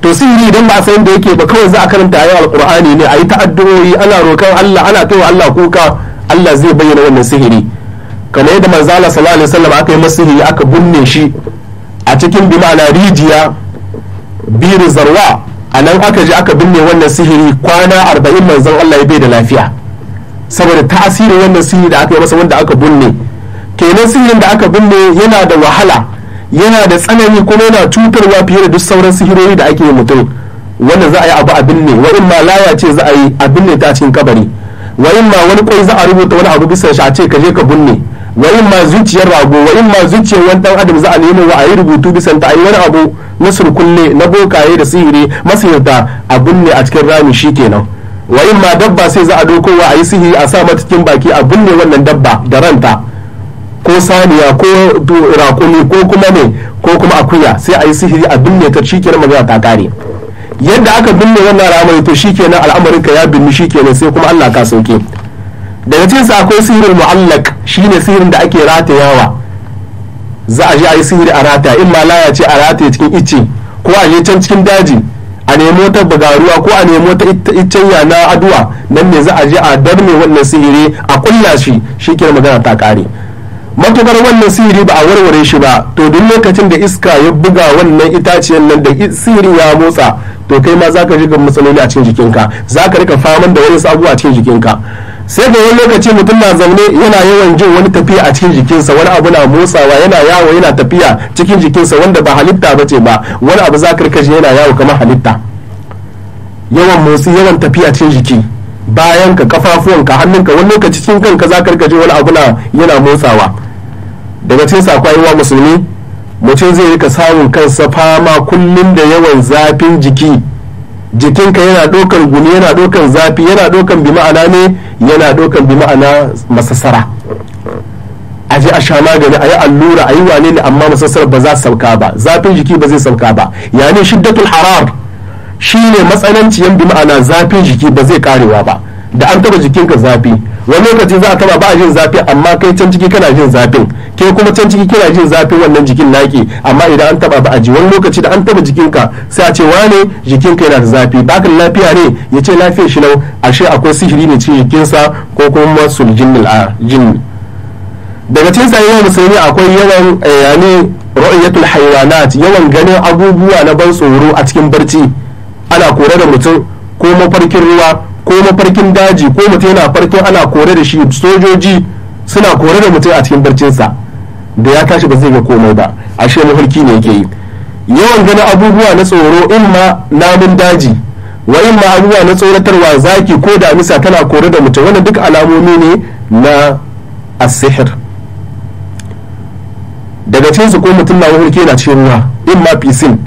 to sihiri idan ba a san da yake ba kawai za a karanta ayoyin alqur'ani ne a yi ta'addu'o'i ana roƙon Allah ana kaiwa Allah kuka Allah zai bayyana wannan sihiri kamar yadda manzo Allah sallallahu alaihi wasallam aka yi masa sihiri aka binne shi cikin ma'ana rijiya biri zarwa a nan aka je aka binne wannan sihiri kwana arba'in manzon Allah ya bai da lafiya saboda tasirin wannan sihiri da aka yi masa wanda aka binne kenan sihirin da aka binne yana da wahala yana da tsanani kuma yana cutarwa fiye da duk sauran sihirori da ake yi mutum wanda za a yi abu a binne wa in ma laya ce za a yi a binne ta cikin kabari wa in ma wani kwai za a rubuta wani abu bisa shi a ce ka je ka binne wa in ma zuciyar rago wa in ma zuciyar wani dan adam za a nemo wa a yi rubutu bisan ta a yi wani abu na surkulle na bokaye da sihiri masihirta abin ne a cikin rami shi kenan wa in ma dabba sai za a dokowa a yi sihiri a sa mata cikin baki a binne wannan dabba da ranta ko saniya ko rakuni ko kuma ne ko kuma akuya sai a yi sihiri a binne ta shi kenan magana ta kare yadda aka binne wannan ramai to shi kenan al'amarin ka ya binne shi kenan sai kuma Allah ka sauke daga cikinsu akwai sihirin mu'allak shine sihirin da ake ratayawa za a je a yi sihiri a rata in ma laya ce a rataya cikin icce ko a je can cikin daji a nemo ta bagaruwa ko a nemo ta iccen na aduwa nan ne za a je a darne wannan sihiri a kulla shi shi ke magana ta kare matukar wannan sihiri ba a warware shi ba to duk lokacin da iska ya buga wannan itaciyar nan da sihiri ya motsa to kai ma za ka ji matsaloli a cikin jikinka za ka rika faman da wani sabuwa a cikin jikinka sai da wani lokaci mutum na zaune yana yawan jin wani tafiya a cikin jikinsa wani abu na motsawa yana yawo yana tafiya cikin jikinsa wanda ba halitta ba ce ba wani abu za karkashi yana yawo kamar halitta yawan motsi yawan tafiya cikin jiki bayan ka kafafuwanka hannunka wani lokaci cikin kanka za jin wani abu na yana motsawa daga cikin wa musulmi mutum zai rika samun kansa fama kullum da yawan zafin jiki jikinka yana ɗaukar guni, yana ɗaukar zafi yana ɗaukar bi ma'ana ne yana ɗaukar bi ma'ana masasara a je a sha magani a yi allura a yi wane ne amma masasar ba za sauka ba zafin jiki ba zai sauka ba yani shiddatul harar shine matsananciyan bi ma'ana zafin jiki ba zai karewa ba da an taba jikinka zafi wani lokaci za a taba ba jin zafi amma kai can ciki kana jin zafin ke kuma can ciki kina jin zafin wannan jikin naki amma idan an taba ba a ji wani lokaci da an taba jikinka sai a ce wane jikinka yana da zafi baka lafiya ne ya ce lafiyar shi nau ashe akwai sihiri ne cikin jikinsa ko kuma masu jin daga cikin yawan musulmi akwai yawan eh, yani ra'ayatul hayawanat yawan ganin abubuwa na ban tsoro a cikin barci ana kore da mutum ko mafarkin ruwa ko mafarkin daji ko mutum yana farkin ana kore da shi sojoji suna kore da mutum a cikin barcinsa da ya tashi ba zai ga komai ba ashe mafarki ne yake yi yawan gani abubuwa na tsoro in ma namun daji wa in ma abubuwa na tsoratarwa zaki ko damisa tana kore da mutum wannan duk alamomi ne na asihir daga cikinsu ko mutum na mafarki yana cikin ruwa in ma fisin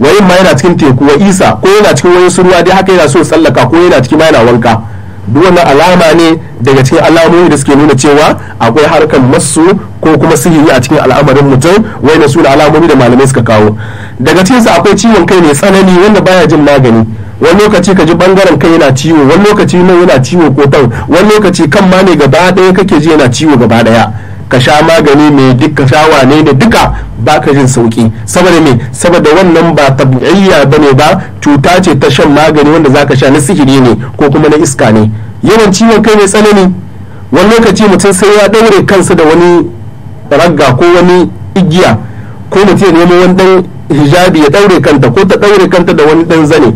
wa in ma yana cikin teku wa isa ko yana cikin wani ruwa dai haka yana so tsallaka ko yana cikin ma yana wanka duk wannan alama ne daga cikin alamomi da suke nuna cewa akwai harkar masu ko kuma sihiri a cikin al'amarin mutum wai na suna alamomi da malamai suka kawo daga cikin su akwai ciwon kai ne tsanani wanda baya jin magani wani lokaci ka ji bangaren kai yana ciwo wani lokaci nan yana ciwo ko tan wani lokaci kan ma ne gaba daya kake ji yana ciwo gaba daya ka sha magani mai duka ka sha wane duka duka baka jin sauki saboda me saboda wannan ba tabi'iyya bane ba cuta ce ta shan magani wanda zaka sha na sihiri ne ko kuma na iska ne yawan ciwon kai mai tsanani wani lokaci mutum sai ya daure kansa da wani ragga ko wani igiya ko mutum ya nemo wani dan hijabi ya daure kanta ko ta daure kanta da wani dan zane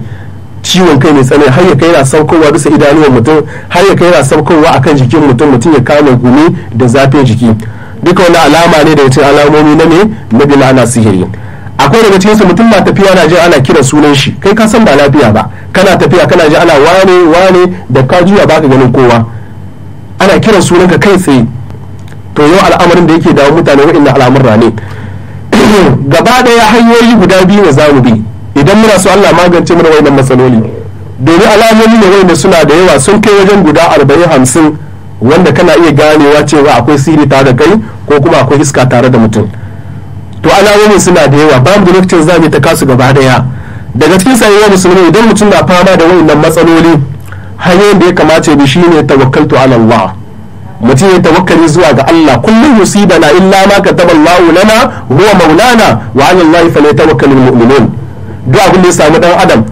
ciwon kai mai tsanani har ya kai na saukowa bisa idanuwan mutum har ya kai na saukowa akan jikin mutum mutum ya kama gumi da zafin jiki duka wani alama ne daga cikin alamomi na ne na bilana sihiri akwai daga cikinsu mutum na tafiya na jin ana kiran sunan shi kai ka san ba lafiya ba kana tafiya kana jin ana wane wane da ka juya baka ganin kowa ana kiran sunanka kai tsaye to yau al'amarin da yake dawo mutane na al'amurra ne gaba daya hanyoyi guda biyu ne zamu bi idan muna so Allah magance mana wayannan matsaloli domin alamomi ne wayanda suna da yawa sun kai wajen guda arba'in hamsin wanda kana iya ganewa cewa akwai siri tare da kai ko kuma akwai iska tare da mutum to alamomi suna da yawa bamu da lokacin za mu ta kasu gaba daya daga cikin sayewa musulmi idan mutum na fama da wayannan matsaloli hanyoyin da ya kamace bi ne tawakkaltu ala Allah mutum ya tawakkali zuwa ga Allah kullum na illa ma kataba Allah lana huwa maulana wa ala Allah falyatawakkalul mu'minun duk abin da ya samu dan adam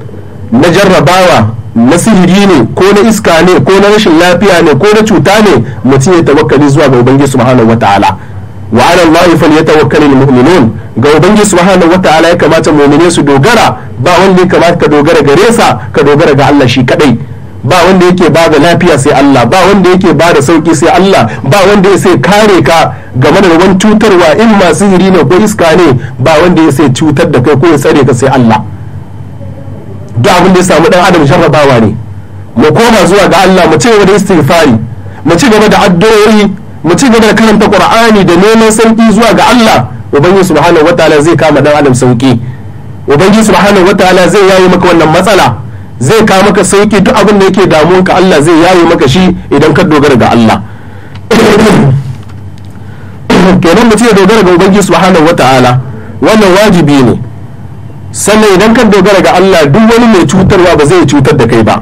na jarrabawa na sihiri ne ko na iska ne ko na rashin lafiya ne ko na cuta ne mutum ya tawakkali zuwa ga ubangiji subhanahu wataala wa ala allahi falyatawakkalul mu'minun ga ubangiji subhanahu wataala ya kamata mu'mine su dogara ba wanda ya kamata ka dogara gare sa ka dogara ga Allah shi kadai ba wanda yake ba da lafiya sai Allah ba wanda yake ba da sauki sai Allah ba wanda ya sai kare ka game da wani cutarwa in ma sihiri ne ko iska ne ba wanda ya sai cutar da kai ko ya tsare ka sai Allah duk abin da ya samu dan adam jarrabawa ne mu koma zuwa ga Allah mu ci gaba da istighfari mu ci gaba da addu'o'i mu ci gaba da karanta Qur'ani da neman sauki zuwa ga Allah ubangiji subhanahu wataala zai kama dan adam sauki ubangiji subhanahu wataala zai yayi maka wannan matsala zai ka maka sauki duk abin da yake damuwan ka Allah zai yaye maka shi idan ka dogara ga Allah kenan mutum ya dogara ga ubangiji subhanahu wataala wannan wajibi ne sannan idan ka dogara ga Allah duk wani mai cutarwa ba zai cutar da kai ba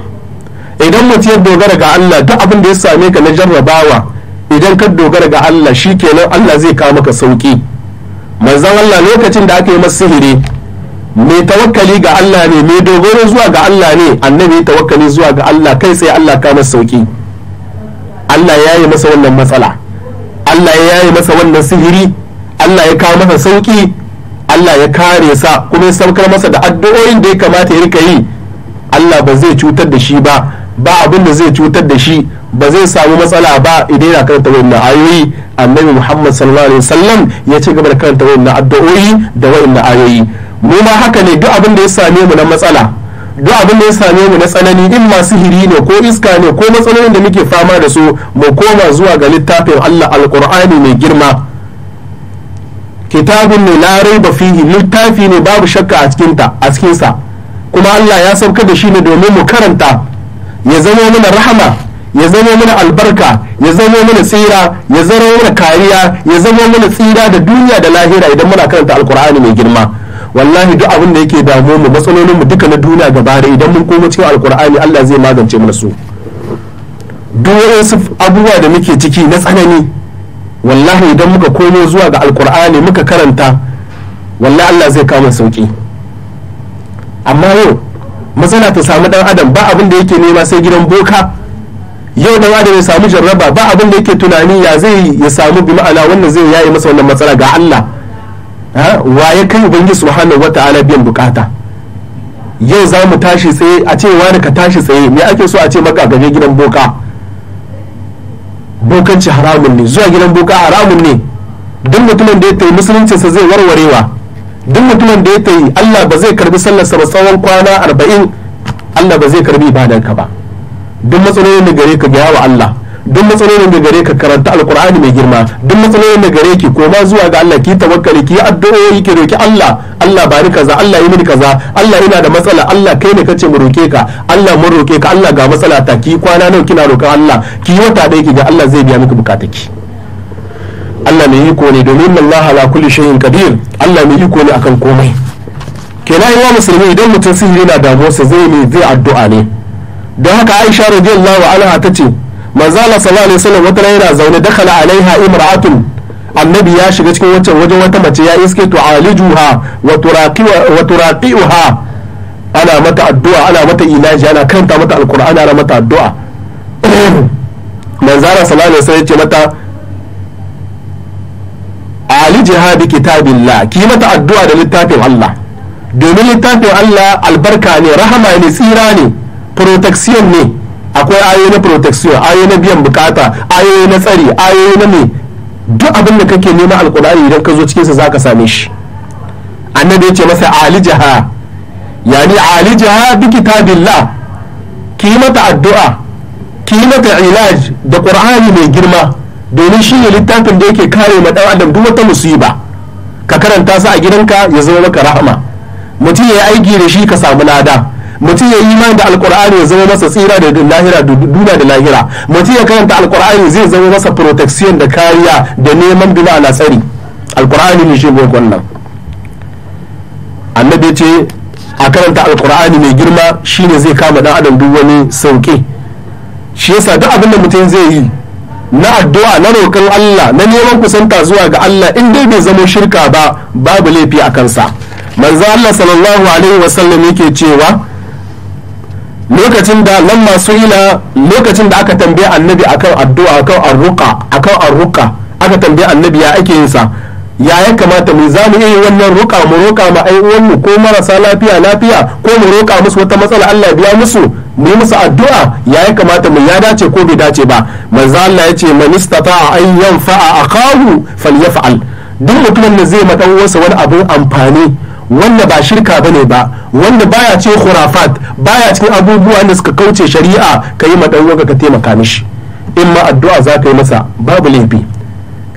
idan mutum ya dogara ga Allah duk abin da ya same ka na jarrabawa idan ka dogara ga Allah shi kenan Allah zai ka maka sauki manzon Allah lokacin da aka yi masa sihiri mai tawakkali ga Allah ne mai dogaro zuwa ga Allah ne annabi tawakkali zuwa ga Allah kai sai Allah ka masa sauki Allah ya yi masa wannan matsala Allah ya yi masa wannan sihiri Allah ya kawo masa sauki Allah ya kare sa kuma ya saukar masa da addu'o'in da ya kamata ya rika yi Allah ba zai cutar da shi ba ba abin da zai cutar da shi ba zai samu matsala ba idan yana karanta wannan ayoyi annabi Muhammad sallallahu alaihi wasallam ya ci gaba da karanta wannan addu'o'i da wannan ayoyi mu ma haka ne duk abin da ya same mu na matsala duk abin da ya same mu na tsanani in masu hiri ne ko iska ne ko matsalolin da muke fama da su mu koma zuwa ga littafin Allah alqur'ani mai girma kitabun ne la raiba fihi littafi ne babu shakka a cikin ta a cikin sa kuma Allah ya sauka da shi ne domin mu karanta ya zama mana rahama ya zama mana albarka ya zama mana tsira ya zama mana kariya ya zama mana tsira da duniya da lahira idan muna karanta alkur'ani mai girma wallahi duk abin da yake damu mu matsalolin mu duka na duniya gaba da idan mun koma cikin alkur'ani Allah zai magance mana su duk wasu abubuwa da muke ciki na tsanani wallahi idan muka komo zuwa ga alkur'ani muka karanta wallahi Allah zai kama sauki amma yau matsala ta samu dan adam ba abin da yake nema sai gidan boka yau da adam ya samu jarraba ba abin da yake tunani ya zai ya samu bi ma'ana wannan zai yayi masa wannan matsala ga Allah wa ya kai ubangiji subhanahu wata'ala biyan bukata yau za mu tashi tsaye a ce wani ka tashi tsaye me ake so a ce maka gaje gidan boka bokanci haramun ne zuwa gidan boka haramun ne duk mutumin da ya musulunci sa zai warwarewa duk mutumin da ya ta'i, Allah ba zai karbi sallarsa ba tsawon kwana arba'in Allah ba zai karbi ibadanka ba duk matsalolin da gare ka gaya wa Allah duk matsalolin da gare ka karanta alkur'ani mai girma duk matsalolin da gare ki koma zuwa ga Allah ki tawakkali ki addu'o'i ki roki Allah Allah bari kaza Allah yi mini kaza Allah ina da matsala Allah kai ne kace mu roke ka Allah mun roke ka Allah ga matsala ta ki kwana nawa kina roƙar Allah ki yi wata dai ki ga Allah zai biya miki bukataki Allah mai iko ne domin Allah ala kulli shay'in qadir Allah mai iko ne akan komai kenan yawa musulmi idan mutum sihiri na damuwarsa zai ne zai addu'a ne don haka Aisha radiyallahu anha tace manzo Allah sallallahu alaihi wasallam wata yana zaune dakala alaiha imra'atun annabi ya shiga cikin wancan wajen wata mace ya iske tu'alijuha wa turaqiwa wa turaqiha ana mata addu'a ana mata ilaji ana kanta mata alqur'ani ana mata addu'a manzo Allah sallallahu alaihi wasallam ya ce mata alijiha bi kitabillah ki mata addu'a da littafin Allah domin littafin Allah albarka ne rahama ne tsira ne protection ne akwai ayoyi na protection ayoyi na biyan bukata ayoyi na tsari ayoyi na mai duk abin da kake nema alkur'ani idan ka zo cikinsa za ka same shi annabi ya ce masa alijaha yani alijaha bi kitabillah ki mata addu'a ki mata ilaj da qur'ani mai girma domin shi ne littafin da yake kare ma dan adam duk wata musiba ka karanta su a gidanka ya zama maka rahama mutum ya yi aiki da shi ka samu lada mutum ya yi imani da alkur'ani ya zama masa tsira da lahira duna da lahira mutum ya karanta alkur'ani zai zama masa protection da kariya da neman bila ala tsari alkur'ani ne shi wannan annabi ce a karanta alkur'ani mai girma shine zai kama dan adam duk wani sauke shi yasa duk abin da mutum zai yi na addu'a na roƙon Allah na neman kusanta zuwa ga Allah in dai bai zama shirka ba babu laifi a kansa manzo Allah sallallahu alaihi wasallam yake cewa lokacin da lamma su'ila lokacin da aka tambaye annabi akan addu'a akan arruqa akan arruqa aka tambaye annabi ya ake yin sa ya ya kamata mu za mu yi wannan ruka mu roka ma ai mu ko marasa lafiya lafiya ko mu roka musu wata matsala Allah ya biya musu mu yi musu addu'a ya ya kamata mu ya dace ko bai dace ba manzo Allah yace man istata'a an yanfa'a akahu falyaf'al duk mutumin da zai mata wasa wani abin amfani wanda ba shirka bane ba wanda baya ce khurafat baya cikin abubuwa da suka kauce shari'a ka yi maɗan ka taimaka mishi in ma addu'a za ka yi masa babu laifi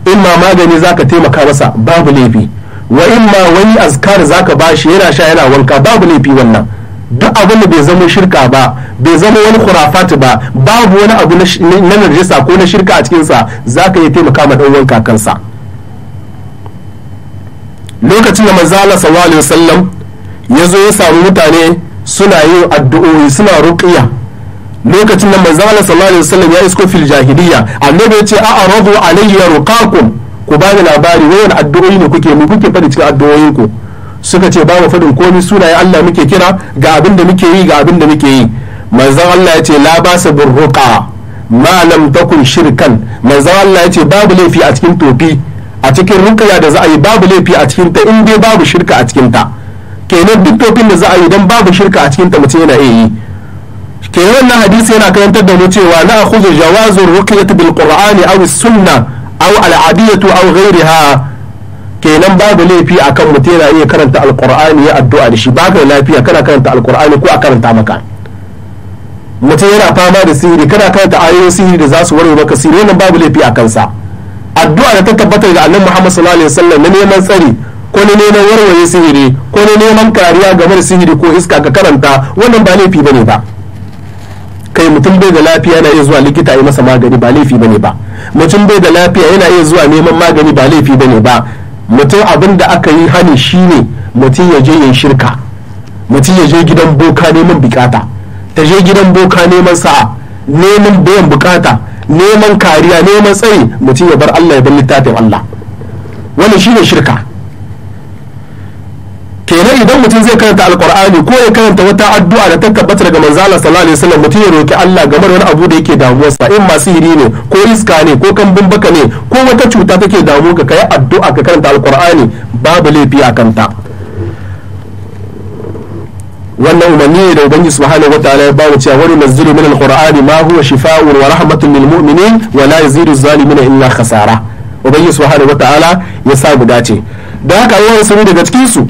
in ma magani za ka taimaka masa babu laifi wa in ma wani azkar za ka shi yana sha yana wanka babu laifi wannan duk abin da bai zama shirka ba bai zama wani khurafat ba babu wani abu na najasa ko na shirka a cikinsa za ka yi taimaka ma ɗan kansa lokacin da manzo sallallahu alaihi wasallam ya zo ya samu mutane suna yin addu'o'i suna ruqiya lokacin da manzo sallallahu alaihi wasallam ya isko fil jahiliya annabi ya ce a aradu alayya ruqakum ku ba ni labari wayan addu'o'i ne kuke mu kuke fadi cikin addu'o'in ku suka ce ba mu fadin komai sunaye Allah muke kira ga abin da muke yi ga abin da muke yi manzo Allah ya ce la ba bir ma takun shirkan manzo Allah ya ce babu laifi a cikin tofi a cikin rukiya da za a yi babu laifi a cikin ta in dai babu shirka a cikin ta kenan duk tofin da za a yi dan babu shirka a cikin ta mutum yana iya yi kenan wannan hadisi yana karantar da mu cewa na akhudhu jawazu ruqyati bil qur'ani aw sunna aw al adiyatu aw ghayriha kenan babu laifi akan mutum yana iya karanta alqur'ani ya addu'a da shi baka lafiya kana karanta alqur'ani ko a karanta maka mutum yana fama da sihiri kana karanta ayoyin sihiri da za su warware maka sihiri wannan babu laifi a kansa addu'a da ta tabbatar ga annabi Muhammad sallallahu alaihi wasallam na neman tsari ko na neman warware sihiri ko na neman kariya game da sihiri ko iska ka karanta wannan ba laifi bane ba kai mutum bai da lafiya yana iya zuwa likita ya masa magani ba laifi bane ba mutum bai da lafiya yana iya zuwa neman magani ba laifi bane ba mutum abin da aka yi hani shine mutum ya je yin shirka mutum ya je gidan boka neman bukata ta je gidan boka neman sa'a neman bayan bukata neman kariya neman tsayi mutum ya bar Allah ya bar littafin Allah wannan shine shirka kenan idan mutum zai karanta alkur'ani ko ya karanta wata addu'a da ta tabbata daga manzo Allah sallallahu alaihi wasallam mutum ya roki Allah game da wani abu da yake sa. in masu sihiri ne ko iska ne ko kambun baka ne ko wata cuta take damu ka kai addu'a ka karanta alkur'ani babu laifi a kanta wannan umarni ne da ubangiji subhanahu ta'ala ya ba bamu cewa wani nazzilu min alqur'ani ma huwa shifaa'un wa rahmatun lil mu'minin wa la yazidu zalimin illa khasara ubangiji subhanahu ta'ala ya sa bu dace da haka yawan sun daga cikin su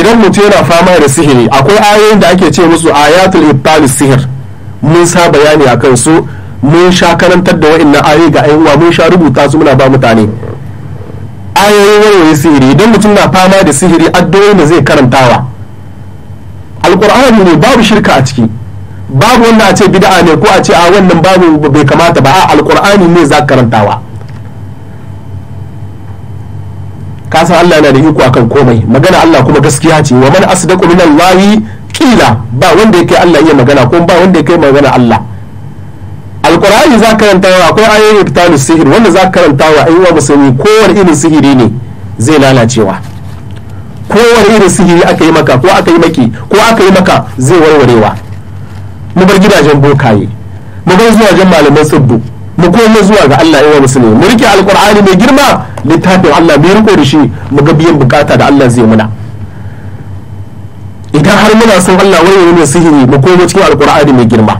idan mutum yana fama da sihiri akwai ayoyin da ake ce musu ayatul ibtal sihir mun sa bayani akan su mun sha karantar da wa'annan ayoyi ga ayyuka mun sha rubuta su muna ba mutane ayoyin wayoyi sihiri idan mutum na fama da sihiri addu'o da zai karantawa alkur'ani ne babu shirka a ciki babu wanda a ce bid'a ne ko a ce a wannan babu bai kamata ba a alkur'ani ne za ka karantawa ka san Allah yana da iko akan komai magana Allah kuma gaskiya ce wa man asdaqu min Allah kila ba wanda yake Allah iya magana ko ba wanda yake magana Allah alkur'ani za ka karantawa akwai ayoyin ta sihir wanda za ka karantawa ayyuwa musulmi kowane irin sihiri ne zai lalacewa kowane irin sihiri aka yi maka ko aka yi maki ko aka yi maka zai warwarewa mu bar gidajen bokaye mu bar zuwa jan malaman sabbu mu koma zuwa ga Allah ya musulmi mu rike alqur'ani mai girma littafin Allah mai riko da shi mu ga biyan bukata da Allah zai muna idan har muna son Allah wani ne sihiri mu koma cikin alqur'ani mai girma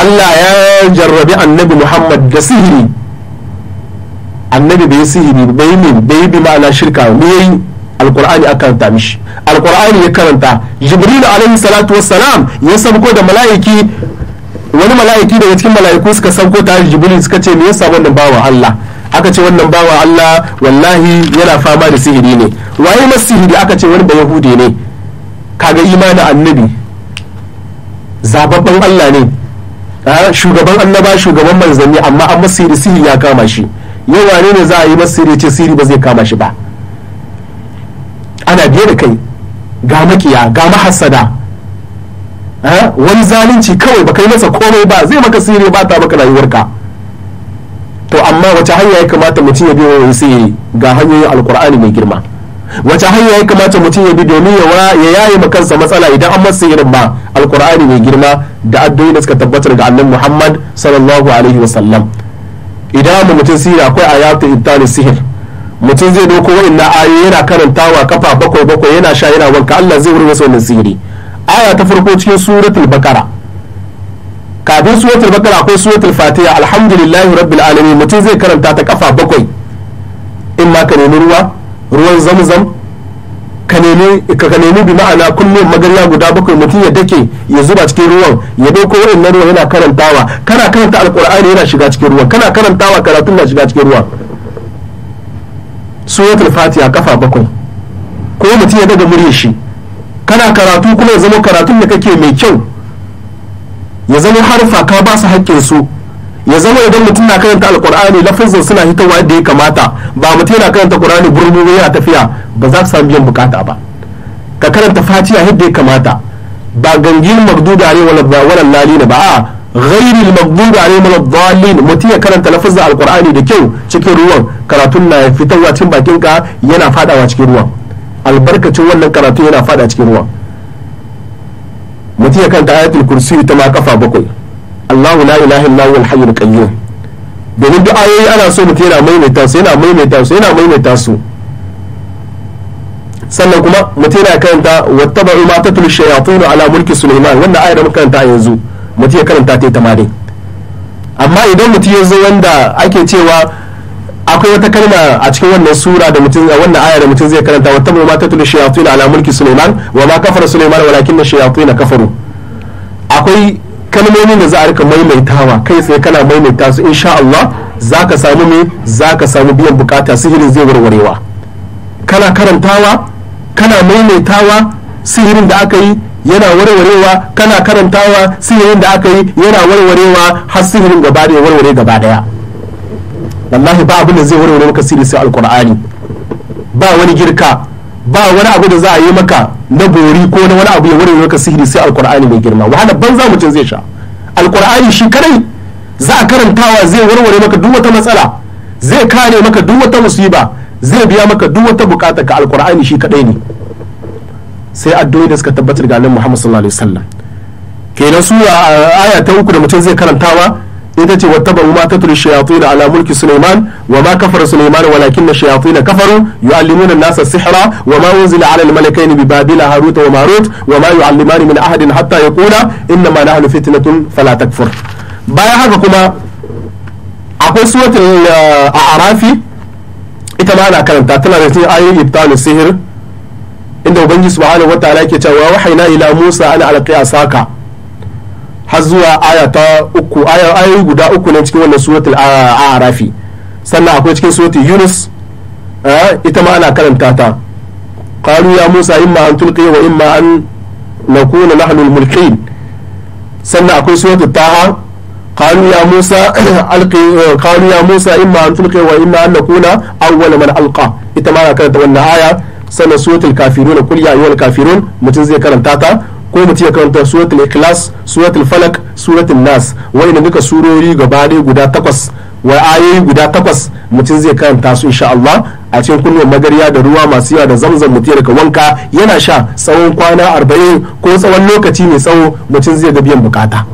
Allah ya jarrabi annabi Muhammad da sihiri annabi bai sihiri bai min bai bi ma'ana shirka ne yayi alqur'ani aka karanta mishi alqur'ani ya karanta jibril alaihi salatu wassalam ya sabko da mala'iki wani mala'iki daga cikin mala'iku suka sauko tare da jibril suka ce me yasa wannan bawa Allah aka ce wannan bawa Allah wallahi yana fama da sihiri ne waye mas sihiri aka ce wani yahudi ne kaga imanin annabi zababban Allah ne ah, shugaban annaba shugaban manzanni amma an masu sihiri ya kama shi yau wane ne za a yi masa siri ce siri ba zai kama shi ba ana biye da kai ga makiya ga mahassada wani zalunci kawai ba kai masa komai ba zai maka siri ba ta maka ka? to amma wace hanya ya kamata mutum ya bi wani sai ga hanyoyin alkur'ani mai girma wace hanya ya kamata mutum ya bi domin ya yaye ma kansa matsala idan an masa irin ba alkur'ani mai girma da addu'o'i da suka tabbatar ga annabi Muhammad sallallahu alaihi wasallam idan mu mutum sihiri akwai ayatu ibtali sihir mutum zai doko inna ayoyi yana karantawa kafa bakwai bakwai yana sha yana wanka Allah zai wurin masa wannan sihiri aya ta farko cikin suratul bakara kafin suratul bakara akwai suratul fatiha alhamdulillahi rabbil alamin mutum zai karanta ta kafa bakwai in ma ka nemi ruwa ruwan zamzam ka nemi bi ma'ana kullum magarya guda bakwai mutum ya dake ya zuba cikin ruwan ya dauko wannan ruwan yana karantawa kana karanta alqur'ani yana shiga cikin ruwan kana karantawa karatun na shiga cikin ruwan suratul fatiha kafa bakwai ko mutum ya daga murya shi kana karatu kuma ya zama karatun da kake mai kyau ya zama harfa ka ba su haƙƙin su ya zama idan mutum na karanta alkur'ani lafazin suna hitowa yadda ya kamata ba mutum yana karanta qur'ani burburu yana tafiya ba za ka samu biyan bukata ba ka karanta fatiha yadda ya kamata ba gangin magduda ne wala lali ne ba a ghairi al ne alaihim waladdallin mutum ya karanta lafazin alkur'ani da kyau cikin ruwan karatun na fitowa cikin bakin ka yana fadawa cikin ruwan albarkacin wannan karatu yana fada cikin ruwan mutum ya karanta ayatul kursi ta ma kafa bakwai Allahu la ilaha illa huwal hayyul qayyum domin duk ayoyi ana so mutum yana maimaita su yana maimaita su yana maimaita su sannan kuma mutum yana karanta wattaba'u ma tatul shayatin ala mulki Sulaiman wanda ayar da muka karanta yanzu mutum ya karanta ta ita amma idan mutum ya zo wanda ake cewa akwai wata kalma a cikin wannan sura da mutum a wannan aya da mutum zai karanta wata ma tatul shayatin ala mulki Sulaiman wa ma kafara Sulaiman walakin shayatin kafaru akwai kalmomin da za a rika maimaitawa kai tsaye kana maimaita su insha Allah za ka samu me za ka samu biyan bukata sihirin zai warwarewa kana karantawa kana maimaitawa sihirin da aka yi yana warwarewa kana karantawa sihirin da aka yi yana warwarewa har sihirin gaba da warware gaba daya wallahi ba abin da zai warware maka sihiri sai alqur'ani ba wani girka ba wani abu da za a yi maka na bori ko na wani abu ya wuri maka sihiri sai alkur'ani mai girma wahala banza mutum zai sha alkur'ani shi kadai za a karantawa zai warware maka duk wata matsala zai kare maka duk wata musiba zai biya maka duk wata bukata ka alkur'ani shi kadai ne sai addu'o'i da suka tabbatar ga annabi Muhammad sallallahu alaihi wasallam kenan a aya ta uku da mutum zai karantawa ita ce wata ba ma tatul shayatin ala mulki Sulaiman wa ma kafara Sulaiman walakin shayatin kafaru yu'allimuna an-nasa sihra wa ma unzila ala al-malakaini bi babila harut wa marut wa ma yu'allimani min ahadin hatta yaqula inna ma nahnu fitnatun fala takfur bayan haka kuma akwai suratul uh, a'rafi ita ma ana karanta tana da cikin ayoyin ibtalu sihir inda ubangiji subhanahu wataala yake cewa wahayna ila Musa ana alqi asaka har zuwa aya ta uku ayoyi guda uku ne cikin wannan suratul a'rafi sannan akwai cikin suratul yunus ita ma ana karanta ta qalu ya musa imma an tulqi wa imma an nakuna nahnu al-mulkin sannan akwai suratul taha قالوا يا موسى ألقي قالوا يا موسى إما أن تلقي وإما أن نكون أول ita ma ana karanta wannan aya sannan suratul kafirun kul ya ayyuhal kafirun mutum zai karanta ta ko mu ya karanta suratul ikhlas suratul falak suratul nas wa'inda duka surori gaba ɗaya guda takwas wa ayoyi guda takwas mutum zai karanta su insha Allah a cikin kunnuwan magarya da ruwa masu yawa da zamzam mutum daga wanka yana sha tsawon kwana arba'in ko tsawon lokaci mai tsawo mutum zai ga biyan bukata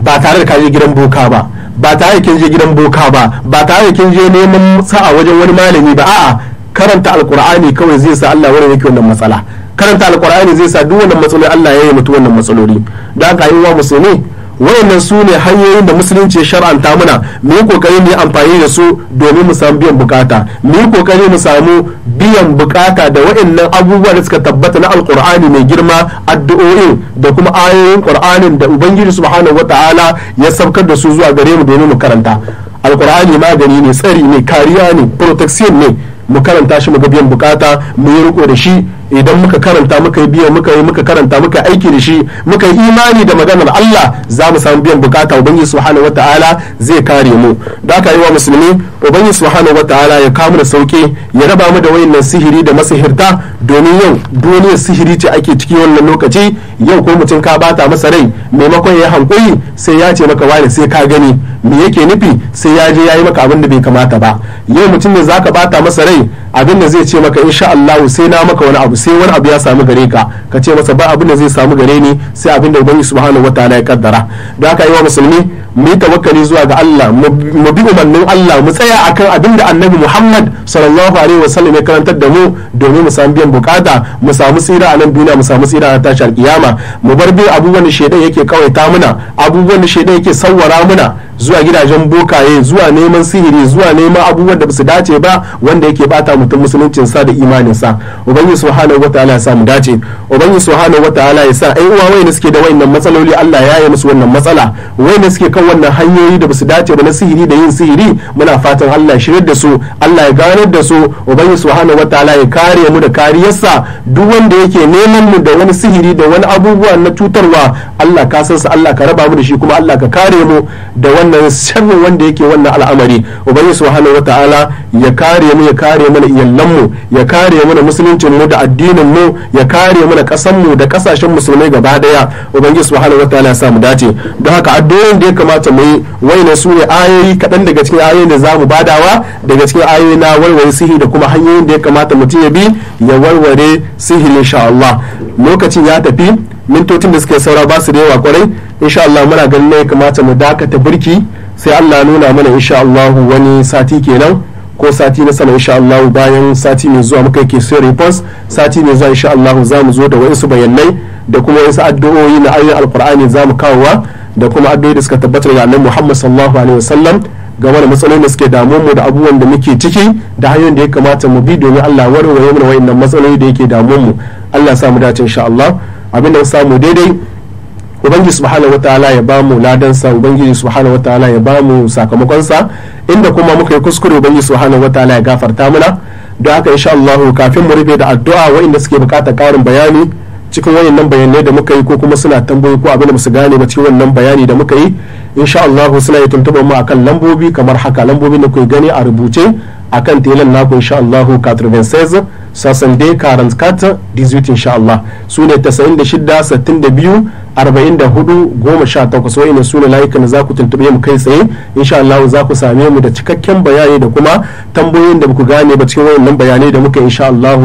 ba tare da kaje gidan boka ba ba tare da je gidan boka ba ba tare da je neman sa'a wajen wani malami ba a'a karanta alkur'ani kawai zai sa Allah wani yake wannan matsala karanta alkur'ani zai sa duk wannan matsaloli Allah ya yi mutu wannan matsaloli da aka yi wa musulmi wayannan su ne hanyoyin da musulunci ya shar'anta muna mu yi kokari mu yi amfani da su domin mu samu biyan bukata mu yi kokari mu samu biyan bukata da wayannan abubuwa da suka tabbata na alkur'ani mai girma addu'o'i da kuma ayoyin qur'anin da ubangiji subhanahu wataala ya saukar da su zuwa gare mu domin mu karanta alkur'ani magani ne tsari ne kariya ne protection ne mu karanta shi mu ga biyan bukata mu yi riko da shi idan muka karanta muka yi biya muka yi muka karanta muka aiki da shi muka yi imani da maganar Allah za mu samu biyan bukata ubangi subhanahu wataala zai kare mu da aka yi wa musulmi ubangi subhanahu wataala ya kamu da sauki ya raba mu da wayannan sihiri da masihirta domin yau duniyar sihiri ce ake ciki wannan lokaci yau ko mutum ka bata masa rai maimakon ya hankuri sai ya ce maka wani sai ka gani me yake nufi sai ya je ya yi maka abin da bai kamata ba yau mutum ne zaka bata masa rai abin da zai ce maka insha Allah sai na maka wani abu sai wani abu ya samu gare ka ka ce masa ba abin da zai samu gare ni sai abin da ubangiji subhanahu wataala ya kaddara da haka yi wa musulmi mu yi tawakkali zuwa ga Allah mu bi umarnin Allah mu tsaya akan abin da annabi Muhammad sallallahu alaihi wasallam ya karantar da mu domin mu samu biyan bukata mu samu tsira a nan duniya mu samu tsira a tashar kiyama mu bar bi abubuwan da shedan yake kawaita muna abubuwan da shedan yake sawwara muna zuwa gidajen bokaye zuwa neman sihiri zuwa neman abubuwan da basu dace ba wanda yake bata mutum musuluncin sa da imanin sa ubangi subhanahu wataala ya sa mu dace ubangi subhanahu wataala ya sa ai uwa ne suke da wayannan matsaloli Allah ya yi musu wannan matsala ne suke akan wannan hanyoyi da basu dace ba na sihiri da yin sihiri muna fatan Allah shirye da su Allah ya gano da su ubangi subhanahu wataala ya kare mu da kariyarsa duk wanda yake neman mu da wani sihiri da wani abubuwa na cutarwa Allah ka san sa Allah ka raba mu da shi kuma Allah ka kare mu da wannan sharri wanda yake wannan al'amari ubangi subhanahu wataala ya kare mu ya kare mana iyallan mu ya kare mana musuluncin mu da addinin mu ya kare mana kasan mu da kasashen musulmai gaba daya ubangi subhanahu wataala ya sa mu dace don haka addu'o'in da ya kama. kamata mu yi wayannan su ne ayoyi kaɗan daga cikin ayoyin da za mu badawa daga cikin ayoyi na warware sihi da kuma hanyoyin da ya kamata mutum ya bi ya warware sihiri insha Allah lokacin ya tafi mintocin da suke saura ba su da yawa kwarai insha Allah muna ganin ya kamata mu dakata birki sai Allah nuna mana insha Allah wani sati kenan ko sati na sama insha Allah bayan sati mai zuwa muka yake sai repos sati mai zuwa insha Allah za mu zo da wayansu bayanai da kuma wayansu addu'o'i na ayoyin alkur'ani za mu kawowa da kuma addu'o'i da suka tabbata daga annabi Muhammad sallallahu alaihi wasallam game da matsalolin da suke damu mu da abubuwan da muke ciki da hanyoyin da ya kamata mu bi domin Allah warware mana wayannan matsaloli da yake damun mu Allah sa mu dace insha Allah abinda mu samu daidai ubangiji subhanahu wataala ya ba mu sa ubangiji subhanahu wataala ya ba mu sakamakonsa inda kuma muka yi kuskure ubangiji subhanahu wataala ya gafarta mana don haka insha Allah kafin mu rufe da addu'a wayanda suke bukatar karin bayani cikin nan bayanai da muka yi ko kuma suna tambayi ko abin da su gane ba cikin wannan bayani da muka yi insha Allah suna yi tuntuɓar mu akan lambobi kamar haka lambobi da kuke gani a rubuce akan telan naku insha Allah 96 sasan dai karant kat 18 insha Allah su ne 96 62 arba'in da hudu goma su ne layukan da za ku tuntuɓe mu kai tsaye insha Allah za ku same mu da cikakken bayani da kuma tambayoyin da muku gane ba cikin wayannan bayanai da muka insha Allah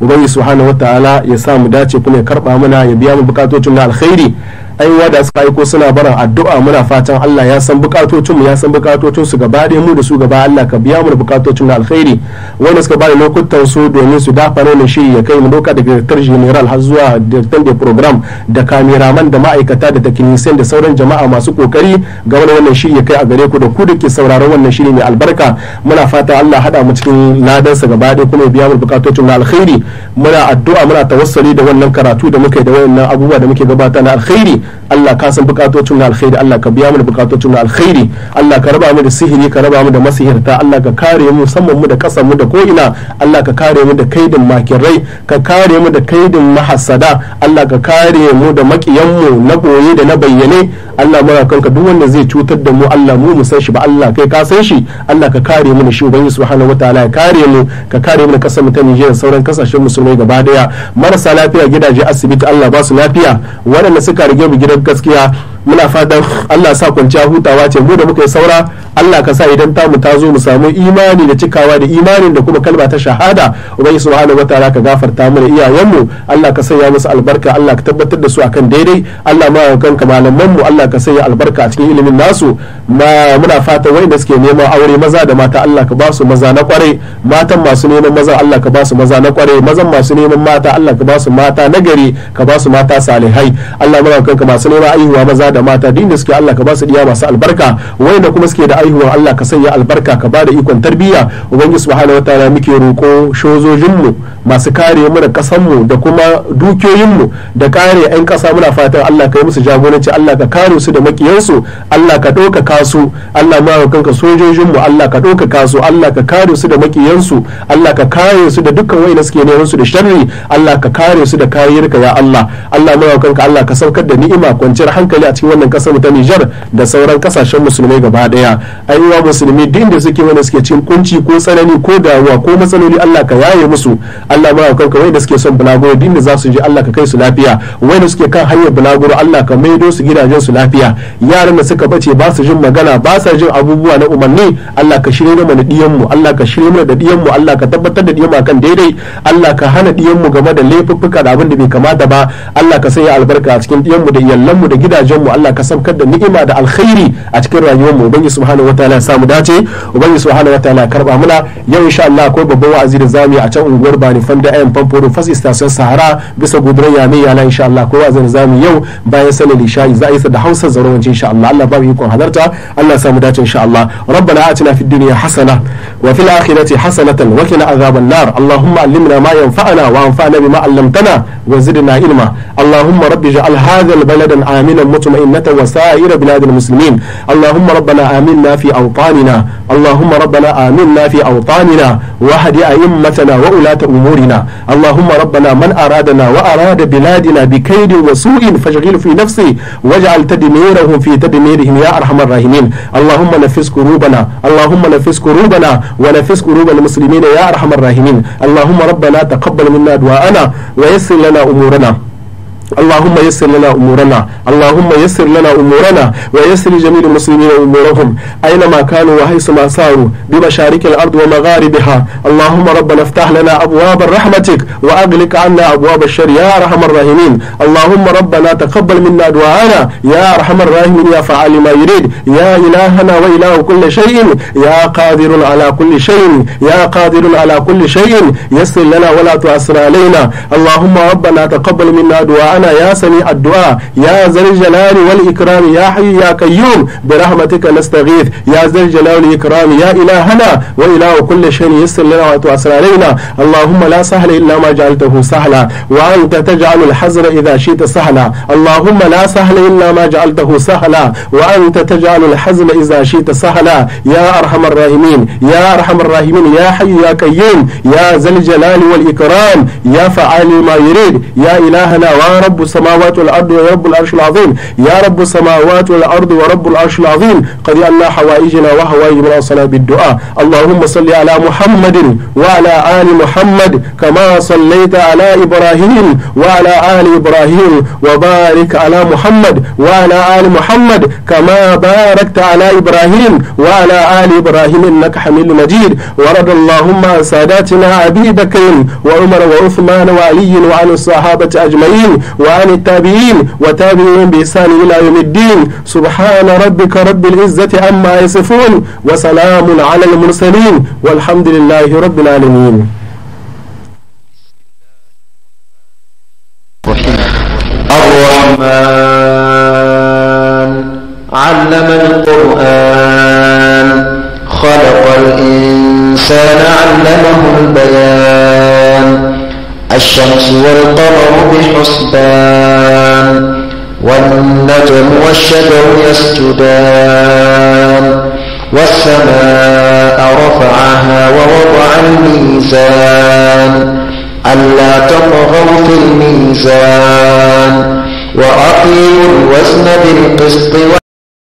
ubangi subhanahu wataala ya sa mu dace kuma ya karba mana ya biya mu bukatocin na alkhairi aiwa da suka aiko suna barin addu'a muna fatan Allah ya san bukatocin mu ya san bukatocin su gaba da mu da su gaba Allah ka biya mu da bukatocin na alkhairi wanda suka bada lokutan su domin su dafa ne shi ya kai mu doka daga director general har zuwa director da program da kameraman da ma'aikata da takinisan da sauran jama'a masu kokari ga wani wannan shiri ya kai a gare ku da ku da ke sauraron wannan shiri mai albarka muna fata Allah hada mu cikin ladansa gaba ɗaya kuma ya biya mu bukatocin na alkhairi muna addu'a muna tawassuli da wannan karatu da muke da wayannan abubuwa da muke gabata na alkhairi Allah ka san bukatocin na alkhairi Allah ka biya mu bukatocin na alkhairi Allah ka raba mu da sihiri ka raba mu da masihirta Allah ka kare mu musamman mu da kasar mu da ko ina Allah ka kare mu da kaidin makirai ka kare mu da kaidin mahasada Allah ka kare mu da makiyan mu mu na boye da na bayyane Allah mara kanka duk wanda zai cutar da mu Allah mu mu san shi ba Allah kai ka san shi Allah ka kare mu da shi ubangi subhanahu wataala ya kare mu ka kare mu da kasar mu ta jiya da sauran kasashen musulmai gaba daya marasa lafiya gidaje asibiti Allah ba su lafiya waɗanda suka rige mu gidan gaskiya muna fatan Allah sa kwanciya hutawa ce mu da muka yi saura Allah ka sa idan tamu ta zo mu samu imani da cikawa da imanin da kuma kalma ta shahada ubangi subhanahu wataala ka gafarta mana iyayenmu Allah ka sanya musu albarka Allah ka tabbatar da su akan daidai Allah ma kanka malaman mu Allah ka sanya albarka a cikin ilimin nasu ma muna fatan wanda suke neman aure maza da mata Allah ka ba su maza na kware matan masu neman maza Allah ka ba su maza na kware mazan masu neman mata Allah ka ba su mata nagari ka ba su mata salihai Allah muna kanka masu neman aihuwa maza da mata din da suke Allah ka ba su diya masu albarka wanda kuma suke da haihuwa Allah ka sanya albarka ka bada ikon tarbiyya ubangiji subhanahu wataala muke roƙo shozojinmu masu kare mu da kasanmu da kuma dukiyoyinmu da kare 'yan ƙasa muna fatan Allah ka yi musu jagoranci Allah ka kare su da makiyansu Allah ka ɗaukaka su Allah ma roƙonka sojojinmu Allah ka ɗaukaka su Allah ka kare su da makiyansu Allah ka kare su da dukkan wa'inda suke neman su da sharri Allah ka kare su da kariyarka ya Allah Allah ma kanka Allah ka saukar da ni'ima kwanciyar hankali a cikin wannan ƙasar ta Nijar da sauran kasashen musulmai gaba ɗaya ayyuwa musulmi duk da suke wanda suke cikin kunci ko tsanani ko damuwa ko matsaloli Allah ka yaye musu Allah ma kanka wanda suke son bulaguro duk da za su ji Allah ka kai su lafiya wanda suke kan hanyar bulaguro Allah ka maido su gidajen su lafiya yaran da suka bace ba su jin magana ba su jin abubuwa na umarni Allah ka shirye mana diyan mu Allah ka shirye mana da diyan mu Allah ka tabbatar da diyan mu kan daidai Allah ka hana diyan mu game da laifuffuka da abin da bai kamata ba Allah ka sanya albarka a cikin diyan mu da iyalan mu da gidajen mu Allah ka samkar da ni'ima da alkhairi a cikin rayuwar mu ubangi subhanahu subhanahu wataala ya samu dace ubangiji subhanahu wataala ya karba mana yau insha Allah akwai babban wa'azi da zamu yi a can unguwar Bani Fanda ayan Famforo Fas Station Sahara bisa gudran Yami Yala insha Allah akwai wa'azi da zamu yau bayan sanin isha'i za a yi sa da Hausa zarawanci insha Allah Allah ba mu ikon halarta Allah ya samu dace insha Allah rabbana atina fid dunya hasana wa fil akhirati hasanatan wa qina azaban nar allahumma allimna ma yanfa'una wa anfa'na bima 'allamtana wa zidna ilma allahumma rabbi ij'al hadha al-baladan aminan mutma'innan wa sa'ira bilad al-muslimin allahumma rabbana aminna آمنا في أوطاننا اللهم ربنا آمنا في أوطاننا وحد أئمتنا وولاة أمورنا اللهم ربنا من أرادنا وأراد بلادنا بكيد وسوء فاشغله في نفسه واجعل تدميرهم في تدميرهم يا أرحم الراحمين اللهم نفس كروبنا اللهم نفس كروبنا ونفس كروب المسلمين يا أرحم الراحمين اللهم ربنا تقبل منا دعاءنا ويسر لنا أمورنا اللهم يسر لنا أمورنا اللهم يسر لنا أمورنا ويسر لجميع المسلمين أمورهم أينما كانوا وحيثما ساروا بمشارق الأرض ومغاربها اللهم ربنا افتح لنا أبواب رحمتك وأغلق عنا أبواب الشر يا أرحم الراحمين اللهم ربنا تقبل منا دعانا يا أرحم الراحمين يا فعال ما يريد يا إلهنا وإله كل شيء يا قادر على كل شيء يا قادر على كل شيء يسر لنا ولا تعسر علينا اللهم ربنا تقبل منا دعانا ربنا يا سميع الدعاء يا ذا الجلال والإكرام يا حي يا قيوم برحمتك نستغيث يا ذا الجلال والإكرام يا إلهنا وإله كل شيء يسر لنا وتعسر علينا اللهم لا سهل إلا ما جعلته سهلا وأنت تجعل الحزن إذا شئت سهلا اللهم لا سهل إلا ما جعلته سهلا وأنت تجعل الحزن إذا شئت سهلا يا أرحم الراحمين يا أرحم الراحمين يا حي يا قيوم يا ذا الجلال والإكرام يا فعال ما يريد يا إلهنا وارب رب السماوات والأرض ورب العرش العظيم يا رب السماوات والأرض ورب العرش العظيم قد أن حوائجنا وحوائج من الصلاة بالدعاء اللهم صل على محمد وعلى آل محمد كما صليت على إبراهيم وعلى آل إبراهيم وبارك على محمد وعلى آل محمد كما باركت على إبراهيم وعلى آل إبراهيم إنك حميد مجيد ورد اللهم عن ساداتنا أبي بكر وعمر وعثمان وعلي وعن الصحابة أجمعين وعن التابعين وتابعهم بإحسان إلى يوم الدين سبحان ربك رب العزة عما يصفون وسلام على المرسلين والحمد لله رب العالمين الرحمن علم القرآن خلق الإنسان علمه البيان الشمس والقمر بحسبان والنجم والشجر يسجدان والسماء رفعها ووضع الميزان ألا تطغوا في الميزان وأقيموا الوزن بالقسط